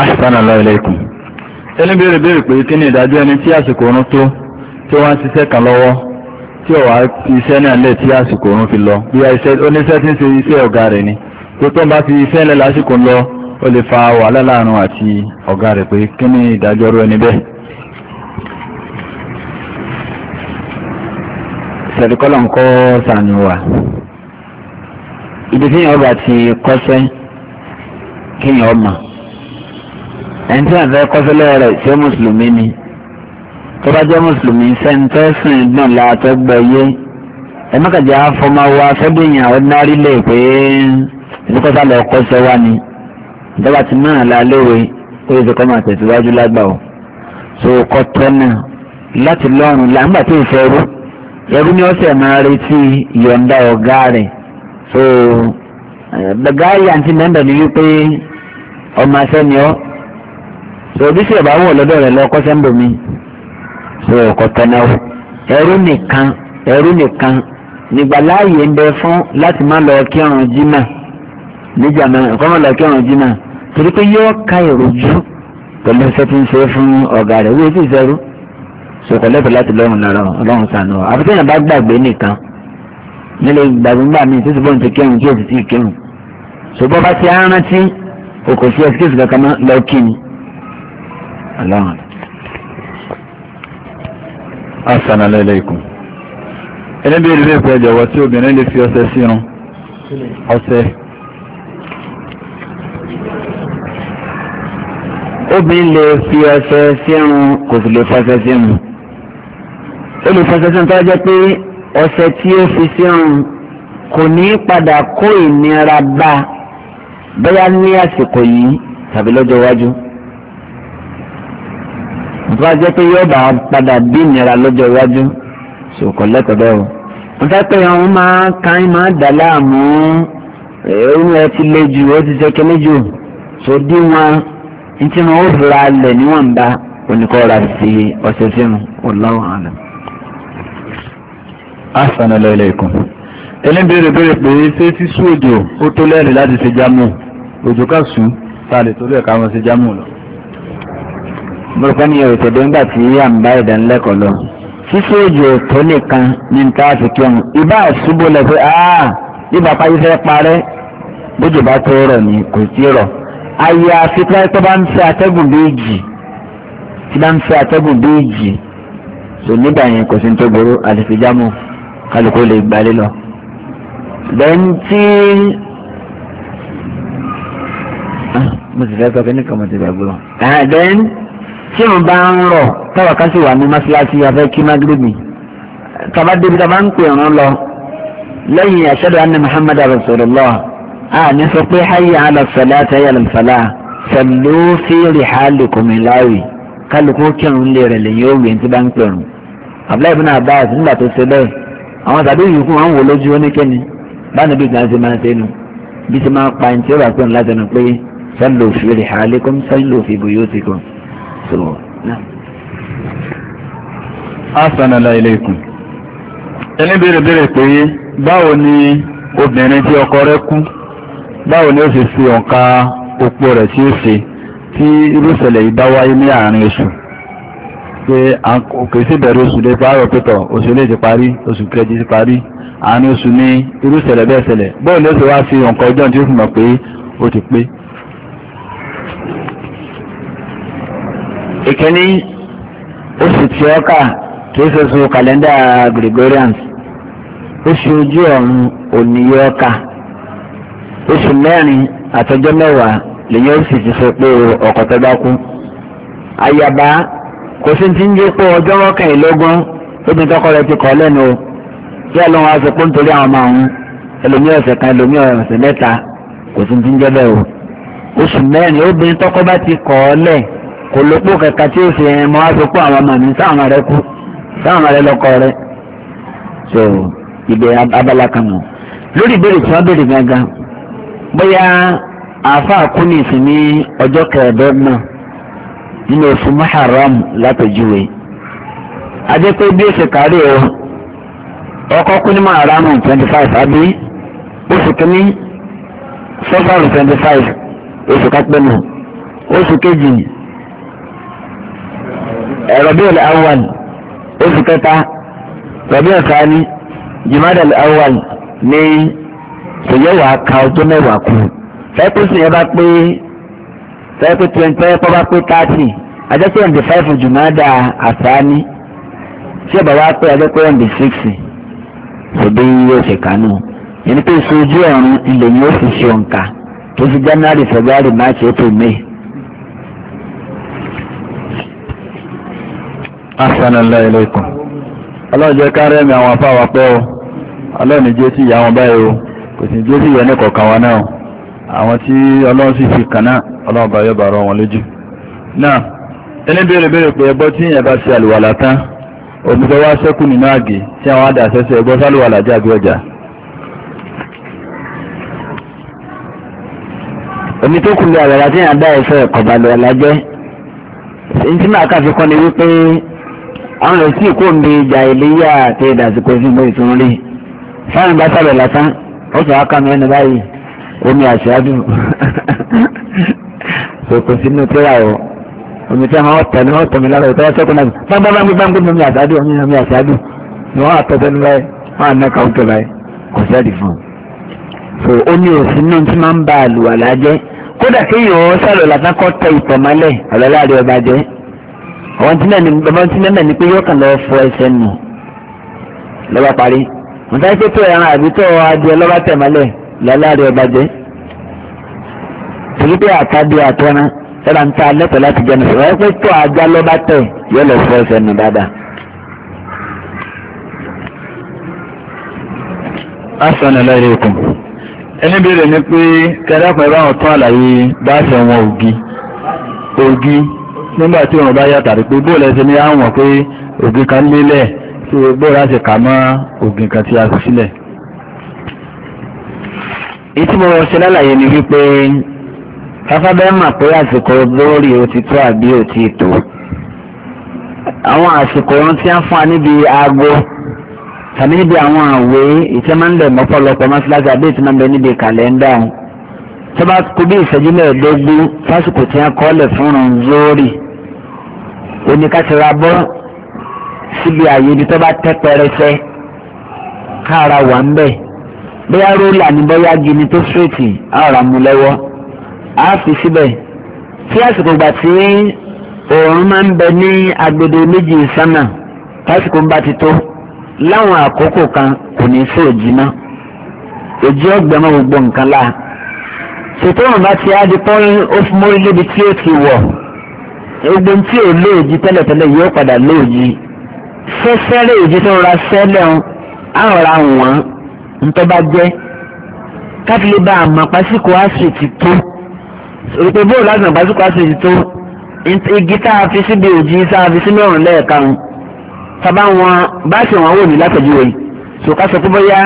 ahsan allah ilaykum ẹni béèrè béèrè pé kí ni ìdájọ́ ẹni tí àsìkò oorun tó tí wọ́n ń ṣiṣẹ́ kan lọ́wọ́ tí ò wá iṣẹ́ náà lẹ̀ tí àsìkò oorun fi lọ bí oníṣẹ́ tí ń ṣe iṣẹ́ ọ̀gá rẹ̀ ni tó tó ń bá fi iṣẹ́ lẹ̀ lásìkò lọ ó lè fa wàhálà láàrin àti ọ̀gá rẹ̀ pé kí ni ìdájọ́ rú ẹni bẹ́ẹ̀. sẹ̀dùkọ́lọ̀ ń kọ́ sànù ibi tí yẹn ẹni tí àfẹ́ kọ́sílẹ̀ ṣé mùsùlùmí ni tó bá jẹ́ mùsùlùmí sẹ́ńtẹ́sìn náà láàtọ́ gbẹ̀yé ẹ mọ́kànjá wa fẹ́bíyàn ọ̀dínárì lè pé ìdíkọ́sá lọ kọ́sẹ́ wa ni ìjọba ti náà la léwe ó yẹ kọ́ máa tẹ̀síwájú lágbà o so kọ́ tẹ́nà láti lọ́rùn làǹgbà tó rú ẹrú ni máa retí so eh, ni wípé ọmọ so bí sì ẹ̀ bá wọ̀ lọ́dọ̀ rẹ̀ lọ́kọ́ sẹ́ńbò mi so ọkọ̀ tẹ̀lé o ẹrú nìkan ẹrú nìkan nígbà láàyè ń bẹ fún láti má lọ kírun jimá níjà náà ẹ̀kọ́ má lọ kírun jimá torí pé yóò ka ìròjú pẹ̀lú iṣẹ́ tí ń ṣe fún ọ̀gá rẹ̀ wíwé tí ì sẹ́rú so kọ̀ lẹ́tọ̀ọ́ láti lọ́rùn lọ́rọ̀ ọlọ́run sànù àfi tẹ̀yìn bá gbàgbé nìkan nílẹ̀ gbàgbọ́ngbà mi títí bọ́ọ̀ ti kírun tí ò sì kírun so bá ti rántí o aláhàn assalamu alaikum ẹni bí ìrírí ìpẹ́ ìjọwọ́ tí obìnrin lè fi ọṣẹ sírun ọṣẹ obìnrin lè fi ọṣẹ sírun kò sì lè fọṣẹ sírun ó lè fọṣẹ sírun tó jẹ́ pé ọṣẹ tí ó fi sírun kò ní padà kó ìnira bá bóyá ní àsìkò yìí tàbí lọ́jọ́ iwájú bá jẹ́ pé yóò bá padà bí ìnira lọ́jọ́ iwájú ṣòkò lẹ́kọ̀ọ́dọ́ o. wọ́n fẹ́ pé àwọn máa káyín máa dà láàmú ẹ̀rù ẹ ti le jù ó ti ṣe kíní jù tó dí wọn ní tí wọn ó fura lẹ̀ níwọ̀nba oníkọ́ ra sí ọ̀sẹ̀ sínú Allahu alam. assalamu alaikum ẹlẹ́bẹ̀rẹ̀ bẹ̀rẹ̀ pé ṣé sísú òjò ó tó lẹ́rìí láti ṣe jámù òjò ká sùn ta lè torí ẹ̀ka wọn ṣe jámù lọ burúkú ni yòòtò dé ńgbà tí yíyá ń bá ìdánilẹ́kọ̀ọ́ lọ ṣíṣe òjò tó nìkan ní ntaàfi kí ọ̀hún ìbá àṣubú lẹ pé áà bíbá pàyí fẹ́ parẹ́ bójú bá tó rọ̀ ni kò sí rọ̀ ayé àfikún tó bá ń fẹ́ atẹ́gùn bí ìjì tí bá ń fẹ́ atẹ́gùn bí ìjì nígbà yẹn kò sí ní tó burú kálukú lè gbalé lọ. bẹ́ẹ̀ ah, mo sì fẹ́ sọ pé nìkan mo ti gbàgbọ́ tí wọn bá ń rọ táwa ká sì wà ní mọ́ṣáláṣí afẹ́ kí magrebi tàbá débi tàbá ń pè ọ̀run lọ lẹ́yìn ashadu anna muhammad rasulullah a ní sọ pé hayya ala salat hayya ala falah sallu fi rihalikum láàyè kálukú kírun lè rẹ̀ lẹ́yìn òwe tí bá ń pè ọ̀run abdullahi ibn abbas nígbà tó ṣe bẹ́ẹ̀ àwọn tàbí yìí kún àwọn wò lójú oníkẹ́ni báni bí gbàǹsẹ̀ máa ṣe nu bí ṣe máa pa ẹni tí ó bá pè ọ̀run láti ẹnu pé sallu fi rihalikum sallu fi buyutikum sọ̀rọ̀ náà. asanala ilẹ̀kùn ẹni béèrè béèrè pé báwo ni obìnrin tí ọkọ rẹ̀ kú báwo ni ó ṣe fi ọ̀ka opó rẹ̀ tí ó ṣe tí irú ìṣẹ̀lẹ̀ yìí bá wáyé ní àárín oṣù pé kò sí bẹ̀rẹ̀ oṣù lè pààrọ̀ pẹ̀tọ̀ oṣù lè ti parí oṣù kẹjì ti parí àárín oṣù ní irú ìṣẹ̀lẹ̀ bẹ́ẹ̀ ṣẹlẹ̀ báwo ni ó ṣe wá fi ọ̀ka ọjọ́ tí ó fi mọ̀ pé ó ti pé ìkíní oṣù tí ó kà kì í ṣoṣù kàlẹ́ndà Gregorians oṣù ojú ọ̀run òní yóò kà oṣù mẹ́rin àtọjọ́ mẹ́wàá lèyìn oṣù ti sọ pé ọkọ̀ tó bá kú. àyàbá kò sí ti ń jẹ́ pé ọjọ́ mọ́kànlélógún obìnrin tọkọ rẹ ti kọ́ lẹ́nu o tí ẹ lọ́wọ́ aṣọ pé nítorí àwọn ọmọ àwọn ẹlòmíràn ọ̀sẹ̀ kan ẹlòmíràn ọ̀sẹ̀ mẹ́ta kò sí ti ń jẹ́ bẹ́ẹ̀ o oṣù mẹ́rin obìnrin tọkọ bá ti kọ́ lẹ́ẹ̀ kò lópò kẹ̀kẹ́ tí ó ṣe ẹ̀ mọ́ àsopọ̀ àwọn ọmọ mi sáwọn rẹ kú sáwọn rẹ lọ́kọ rẹ so ibẹ̀ abala kan nù lórí ìbéèrè tí wọ́n béèrè gangan bóyá àáfàá kú ní ìsìn ọjọ́ kẹẹ̀ẹ́dọ́gbọ̀n nínú oṣù Muharram pé bí kárí o kú ní Muharram twenty five oṣù twenty five oṣù kápẹ́nù rabiul awwal oṣù kẹta rabiul thani jimadal awwal ní sèyẹ́wà ka ọjọ́ mẹ́wàá kù fẹ́ẹ́kùsì yẹn bá pé fẹ́ẹ́kù twenty fẹ́ẹ́kù bá pé thirty ajẹ́pẹ́ ọ̀dẹ̀ five jùmọ́dà àsáni tí ọba wa pé ajẹ́pẹ́ ọ̀dẹ̀ six ṣòdí yóò ṣe kánú yẹn ni pé ìṣojú ọ̀run ilẹ̀ ni ó fi ṣe òǹkà tó fi January February March April May. asànàlá ilẹ̀kùn ọlọ́jẹ́ kárẹ́ mi àwọn afá wa pẹ́ o ọlọ́ni jẹ́ sí ìyá wọn báyìí o kò sì jẹ́ sí ìyá ní kọ̀ọ̀kan wa náà àwọn tí ọlọ́run sì fi kàn náà ọlọ́run bá yọba ọ̀rọ̀ wọn lójú. náà ẹni béèrè béèrè pé ẹbọ tí ìyẹn omi tó wá sẹ́kù tí àwọn dá ẹ̀fọ́ ẹ̀kọ́ balùwàlà jẹ́ ntí ni wípé àwọn èèyàn sì kó mi ìjà ìléyà àti ìdásíkò sí mo rí fáwọn bá sábẹ̀ lásán ó sọ wá kámi ẹni báyìí omi àṣáájú kò sínú tíra o omi tí wọn tẹ̀ ní wọn tẹ̀ mí lára ìtọ́wọ́ sẹ́kùn náà omi ni wọn báyìí wọn àná báyìí kò sẹ́ẹ̀dì fún un ní máa ń kódà kéèyàn sàlọ̀ tẹ ìtọ̀ mọ́lẹ̀ ọ̀lọ́lá àwọn tí náà ní pé yóò kàn lọ fọ ẹsẹ̀ nù lọ́ba parí wọ́n sáré pé tó ẹran àbí tó adìẹ lọ́ba tẹ̀mọ́lẹ̀ lọ́láàrẹ̀ ọba jẹ́ torí pé àtàdé àtọ́ná sábà ń ta alẹ́ pẹ̀ láti jẹ́ nù sọ̀rọ̀ pé tó ajá lọ́ba tẹ̀ yóò lọ fọ ẹsẹ̀ nù dáadáa. Assalamualaikum ẹni béèrè ni pé kẹ́dàpọ̀ ẹ bá wọn àlàyé bá a ṣe wọn ògì ògì nígbà tí òun bá yàtà rí pé bóòlù ẹsẹ̀ ni àwọn pé ògìn kan lélẹ̀ tí bóòlù á sì kà mọ́ ògìn kan tí a fi sílẹ̀. ìtí mo ṣe lálàyé ni wípé káfábẹ́ mà pé àsìkò lórí ó ti tó àbí ó ti tó àwọn àsìkò ohun tí a fún wa níbi aago tàbí níbi àwọn àwé ìtẹ́ máa mọ́síláṣí àbí ìtẹ́ bẹ níbi kàlẹ́ndà tó bá kú bí ìṣẹ́jú mẹ́ẹ̀ẹ́dógún fásitì tí a kọ́ lẹ̀ fún un lórí oníkásíra bọ́ síbi àyè ibi tó bá tẹ́ pẹrẹsẹ káàrà wà ń bẹ̀ bóyá rólà ní bóyá gini tó sírètì àrà mú lọ́wọ́ á fi síbẹ̀ tí àsìkò gbà tí òòrùn máa ń bẹ ní agbedo méjì sánà tásìkò ń bá ti tó láwọn àkókò kan kò ní sí òjì òjì ọgbẹ́mọ gbogbo nǹkan láà ṣètò òun bá ti á di pọ́n ó fún mórí lébi tí ó ti wọ̀ gbogbo tí ò lóòjì tẹ́lẹ̀tẹ́lẹ̀ yóò padà lóòjì fẹ́fẹ́rẹ́ èjì tó ra sẹ́lẹ̀ ń àrà wọ́n ntọ́ba jẹ́ káfílẹ̀ bá a mọ̀ pásíkò àṣù ti tó òrùpé bóòlù àgbà pásíkò àṣù ti tó igi tá a fi síbi òjì tá a fi sínú ọ̀rùn lẹ́ẹ̀kan sábà wọn bá ṣe wọn wò ní látọ̀júwe sòkà sọ pé bóyá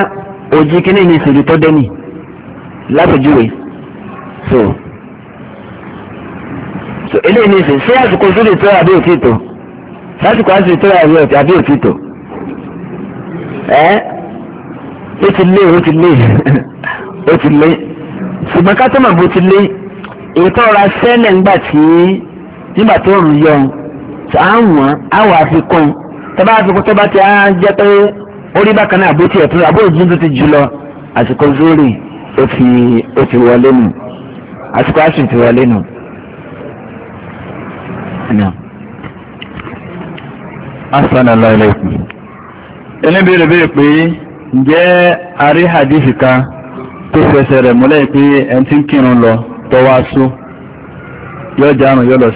òjì kínní ni ìṣèlú tó dẹ́nì látọ̀júwe so eléyìí ní ìsìn ṣé àsìkò zúlì tó àbí òtí tó lásìkò àsìkò tó àbí òtí tó ẹ ó ti lé ó ti lé ó ti lé ṣùgbọ́n kátọ́mà bó ti lé ètò ọ̀rọ̀ asẹ́lẹ̀ ńgbà tí nígbà tó rùn yọ àwọn àwọn àfikún tọ́ba àfikún tọ́ba ti á jẹ́ pé orí bákan náà àbótí ẹ̀tún àbóòjú tó ti jù lọ àsìkò zúlì ó ti wọlé nù àsìkò àsìkò ti wọlé nù. na'am assalamu alaikum ẹni bèèrè bèèrè pé ǹjẹ́ àrí hadith kan tó fẹsẹ̀ rẹ̀ múlẹ̀ pé yóò járùn yóò lọ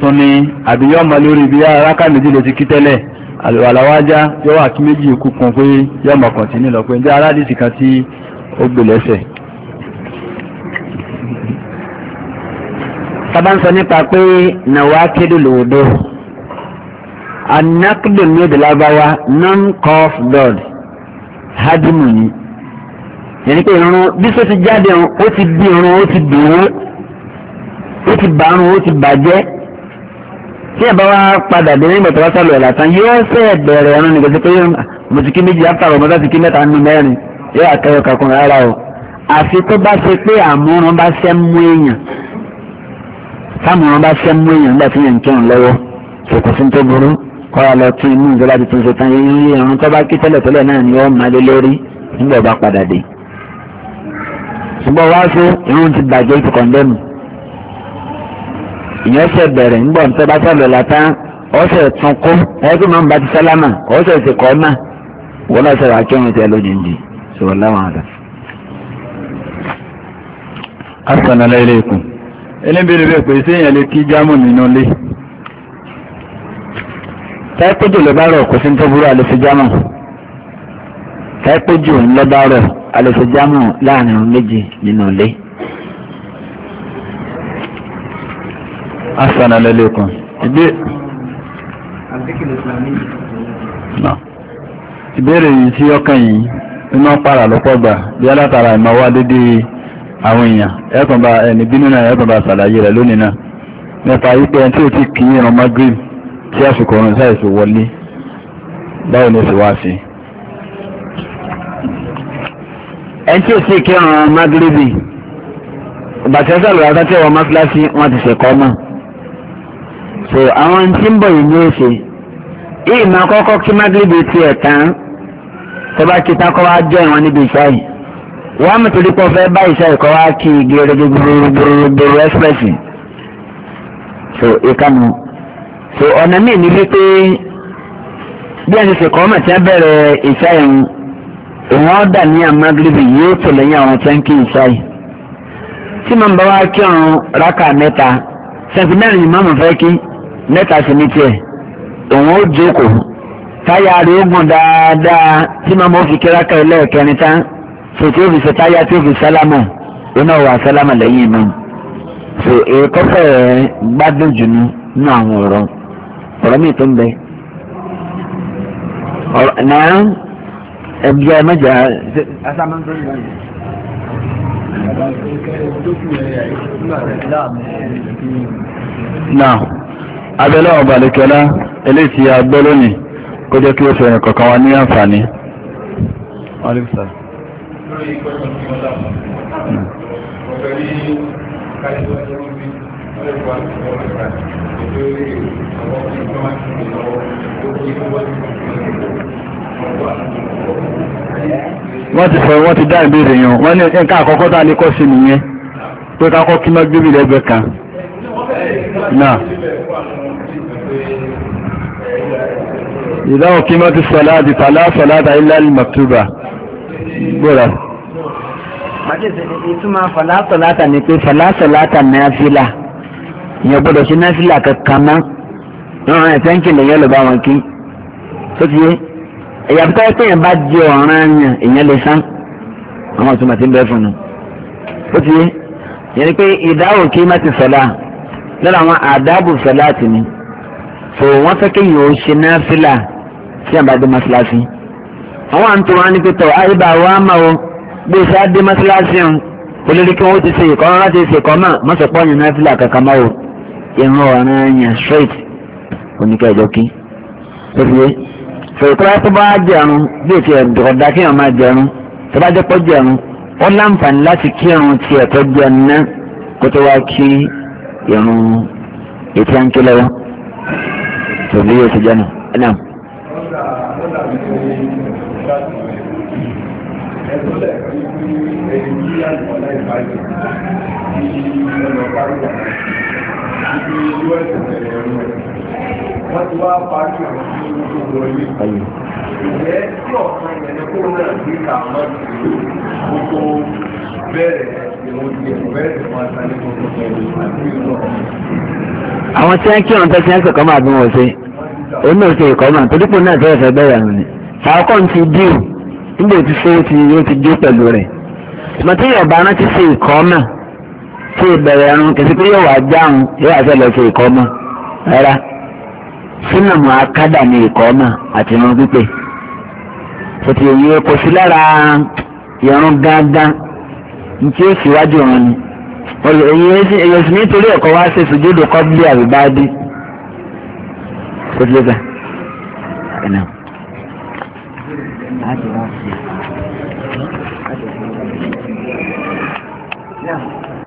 sí ni àbí yóò mọ lórí bí aráka méjì ló ti kí tẹ́lẹ̀ àlùwàlà wá já yóò wà kí méjì kú kan pé yóò mọ̀ kàn sí nílọ pé sábà ń sọ nípa pé nàwákìdù lòdò anákìdù ní èdè lágbáwá non-cough blood hadimu ni yẹni pé irun bí sọ ti jáde ó ti di irun ó ti dùn ó ó ti bàrùn ó ti bàjẹ́ tí ẹ bá wá padà dé nígbà tó wá sálọ ẹ̀là tán yóò fẹ́ bẹ̀rẹ̀ ẹ̀rọ nígbà tó pé mo méjì áfàrọ̀ mo ti kí mẹ́ta nínú mẹ́rin yóò àkẹ́yọ̀ kankan rárá o àfi tó bá ṣe pé àmúrun bá ṣẹ́ mú èèyàn táwọn ọba ṣẹ́ mú èèyàn nígbà tí yẹn ń kírun lọ́wọ́ kò sí tó burú kọ́ra lọ tún inú ìjọba ti tún ṣe tán yìí àwọn tó bá kí tẹ́lẹ̀tẹ́lẹ̀ náà ni wọ́n máa lé lórí nígbà ọba padà dé. ṣùgbọ́n wá sí irun ti bàjẹ́ ti kọ̀ndẹ́mù ìyẹn ṣe bẹ̀rẹ̀ nígbà tó bá sọ̀rọ̀ látà ọ̀sẹ̀ tún kó ẹgbẹ́ máa bá ti sálámà ọ̀sẹ̀ ti kọ́ náà wọ́n lọ́sẹ̀ wá elébèrè bẹ́ẹ̀ pé sí èèyàn lè kí jámù nínú ilé táìpéjò ló bá rọ̀ kò sí tó burú àlè fi jámù táìpéjò ló bá rọ̀ àlè fi jámù láàrin ohun méjì nínú ilé. asanalẹ́lẹ́kùn ìdí. ìbéèrè yìí tí ọkàn yìí ń máa lọ́pọ̀ gbà bí alátara ìmọ̀wá dédé àwọn èèyàn ẹ̀tàn bá ẹni bínú náà ẹ̀tàn bá ṣàlàyé rẹ̀ lónìí náà nípa wípé ẹni tí ó ti kí ìran magrib tí àsìkò ọ̀run sáìsì wọlé báwo ni ó sì wá sí. ẹni tí ó sì kí ìran magrib ìbàtí ẹsẹ̀ lọ́wọ́ àtàtì ẹ̀wọ̀n mọ́síláṣí wọn ti ṣẹ̀kọ́ mọ́. so àwọn tí ń bọ̀ yìí ni ó ṣe ìmọ̀ àkọ́kọ́ kí magrib tiẹ̀ tán tó bá kí takọ́ wá jẹ́ ìwọ̀n níbi ìṣáyìí wàá mi torí pé ọfẹ bá ìṣe ẹ̀kọ́ wa kí igi erege gbogbogbò so ìkànnì so ọ̀nà míì ni wípé bí ẹni ṣe ọmọ tí wọ́n bẹ̀rẹ̀ ìṣe òun ọ̀dà ní àmàgìrìbì yóò tó lẹ́yìn àwọn tí wọ́n kí ìṣe tí màá bá wa kí ọ̀run rákà mẹ́ta sẹ́ńtì mẹ́rin ni màmá fẹ́ kí mẹ́ta sì ní tiẹ̀ òun ó jókòó táyà rẹ̀ ó gùn dáadáa tí màmá ó fi kí rákà ẹlẹ́ẹ̀kẹrin tán so tí o fi ṣe táyà tí o fi sálámà iná wà sálámà lẹ́yìn imam so èyí kọ́fẹ́ gbádùn jù ní nínú àwọn ọ̀rọ̀ ọ̀rọ̀ mi tó ń bẹ. ọ̀rọ̀ náà ẹbí ẹ mẹ́jọ. náà abẹ́lẹ́ ọ̀bàlẹ̀kẹ́lá eléyìí tí a gbọ́ lónìí kó jẹ́ kí o fẹ̀rẹ̀ kọ̀ọ̀kan wa ní àǹfààní. wàhálà ìsàlẹ̀ lórí ìpẹ́sọ̀ tí wọ́n dáa. Mo fẹ́ rí káyọ̀ ẹjọ́ ń bí ọlọ́pàá àti ọlọ́pàá ètò orí àwọn ọmọ ìgbà máa ti mú lọ́wọ́ tó kí ó wá sí wọ́n ti sọ wọ́n dá ìbéèrè yàn wọ́n ní nǹkan àkọ́kọ́ tá a lè kọ́ sí nìyẹn pé ká kí má gbébì lẹ́gbẹ̀ẹ́ kan náà ìdáhùn kí má ti sọ̀lá àti tàlá sọ̀lá àti ilá ìmọ̀túbà gbọ́rọ̀ ìtumọ̀ fàlásọ̀láta ni pé fàlásọ̀láta náfìlà ìyẹn gbọ́dọ̀ ṣe náfìlà kankan mọ́ ọ̀ràn ẹ̀fẹ́ ń kìlọ̀ yẹn ló bá wọn kí tó ti yé ẹ̀yà tó yẹ kéèyàn bá di ọ̀ràn yàn èèyàn lè sán àwọn ìtumọ̀ ti ń bẹ́ fún un tó ti yé yẹn ni pé ìdáhùn kí má ti sọ̀lá lọ́la àwọn àdáàbò sọ̀lá tì ní fò wọ́n fẹ́ kéèyàn ó ṣe náfìlà tí àbájọ́ mọ́ àwọn àǹtò wọn ni pẹ̀tọ̀ àyíbá wa máa wo bí o ṣe á dé mọ́ṣáláṣí ọ̀hún olórí kí wọ́n ti ṣe ìkọ́ láti ṣe ìkọ́ mọ́ mọ́sọ̀pọ̀ yẹn náà fìlà kankan máa wo ìran ọ̀ràn yẹn straight oníkẹ́jọ́ kí ó fi yé fèrèkúrá tó bá jẹun bí ètò ẹ̀dọ̀dà kí wọ́n máa jẹun tó bá jẹ́ pọ́ jẹun ó láǹfààní láti kí irun ti ẹ̀kọ́ jẹun náà kó tó wá kí irun ètò àǹkí lọ́wọ́ tòbí yóò jẹun náà láti lọ ẹ̀kọ́ lẹ́ẹ̀kọ́ ní ẹ̀yìn tí a lọ láì báyìí ní ọ̀nà parí wà níbi ìlú ẹ̀sẹ̀ ẹ̀rọ wọ́n ti wá parí àwọn tí ó tó wọ ilé ìyẹ́ tí ọ̀kan ẹ̀yẹ kó náà gbé ta àwọn ìlú gbogbo bẹ̀rẹ̀ ìwọ̀n ti ẹ̀kọ́ bẹ̀rẹ̀ tí wọ́n ta ní gbogbo ẹ̀rọ àti ìlú ọ̀kan. àwọn tí wọ́n kí ọ̀n tẹ́sí ẹ̀sọ̀ kan máa bí wọn ṣe òun náà ṣe ìkọ́ náà torí pé náà tẹ́sẹ̀ bẹ̀rẹ̀ àwọn ni àkọ́kọ́ ti díù nígbà tí ṣé ti yóò ti jó pẹ̀lú rẹ̀ tòmátì yọ̀bá náà ti ṣe ìkọ́ mọ̀ tí ìbẹ̀rẹ̀ ẹ̀rùn kìsì pé yóò wá jáhùn yóò àṣẹ lọ ṣe ìkọ́ mọ̀ rárá sínú àwọn akádà ní ìkọ́ mọ̀ àti irun pípé tòtì èyí kò sí lára irun gángan nítí ó síwájú wọn ni èyí sì nítorí ẹ̀kọ́ wá ṣe sùjúdù kọ́bílì àbíbáàdì tòtì lẹ́gbẹ̀ẹ́ 打几题？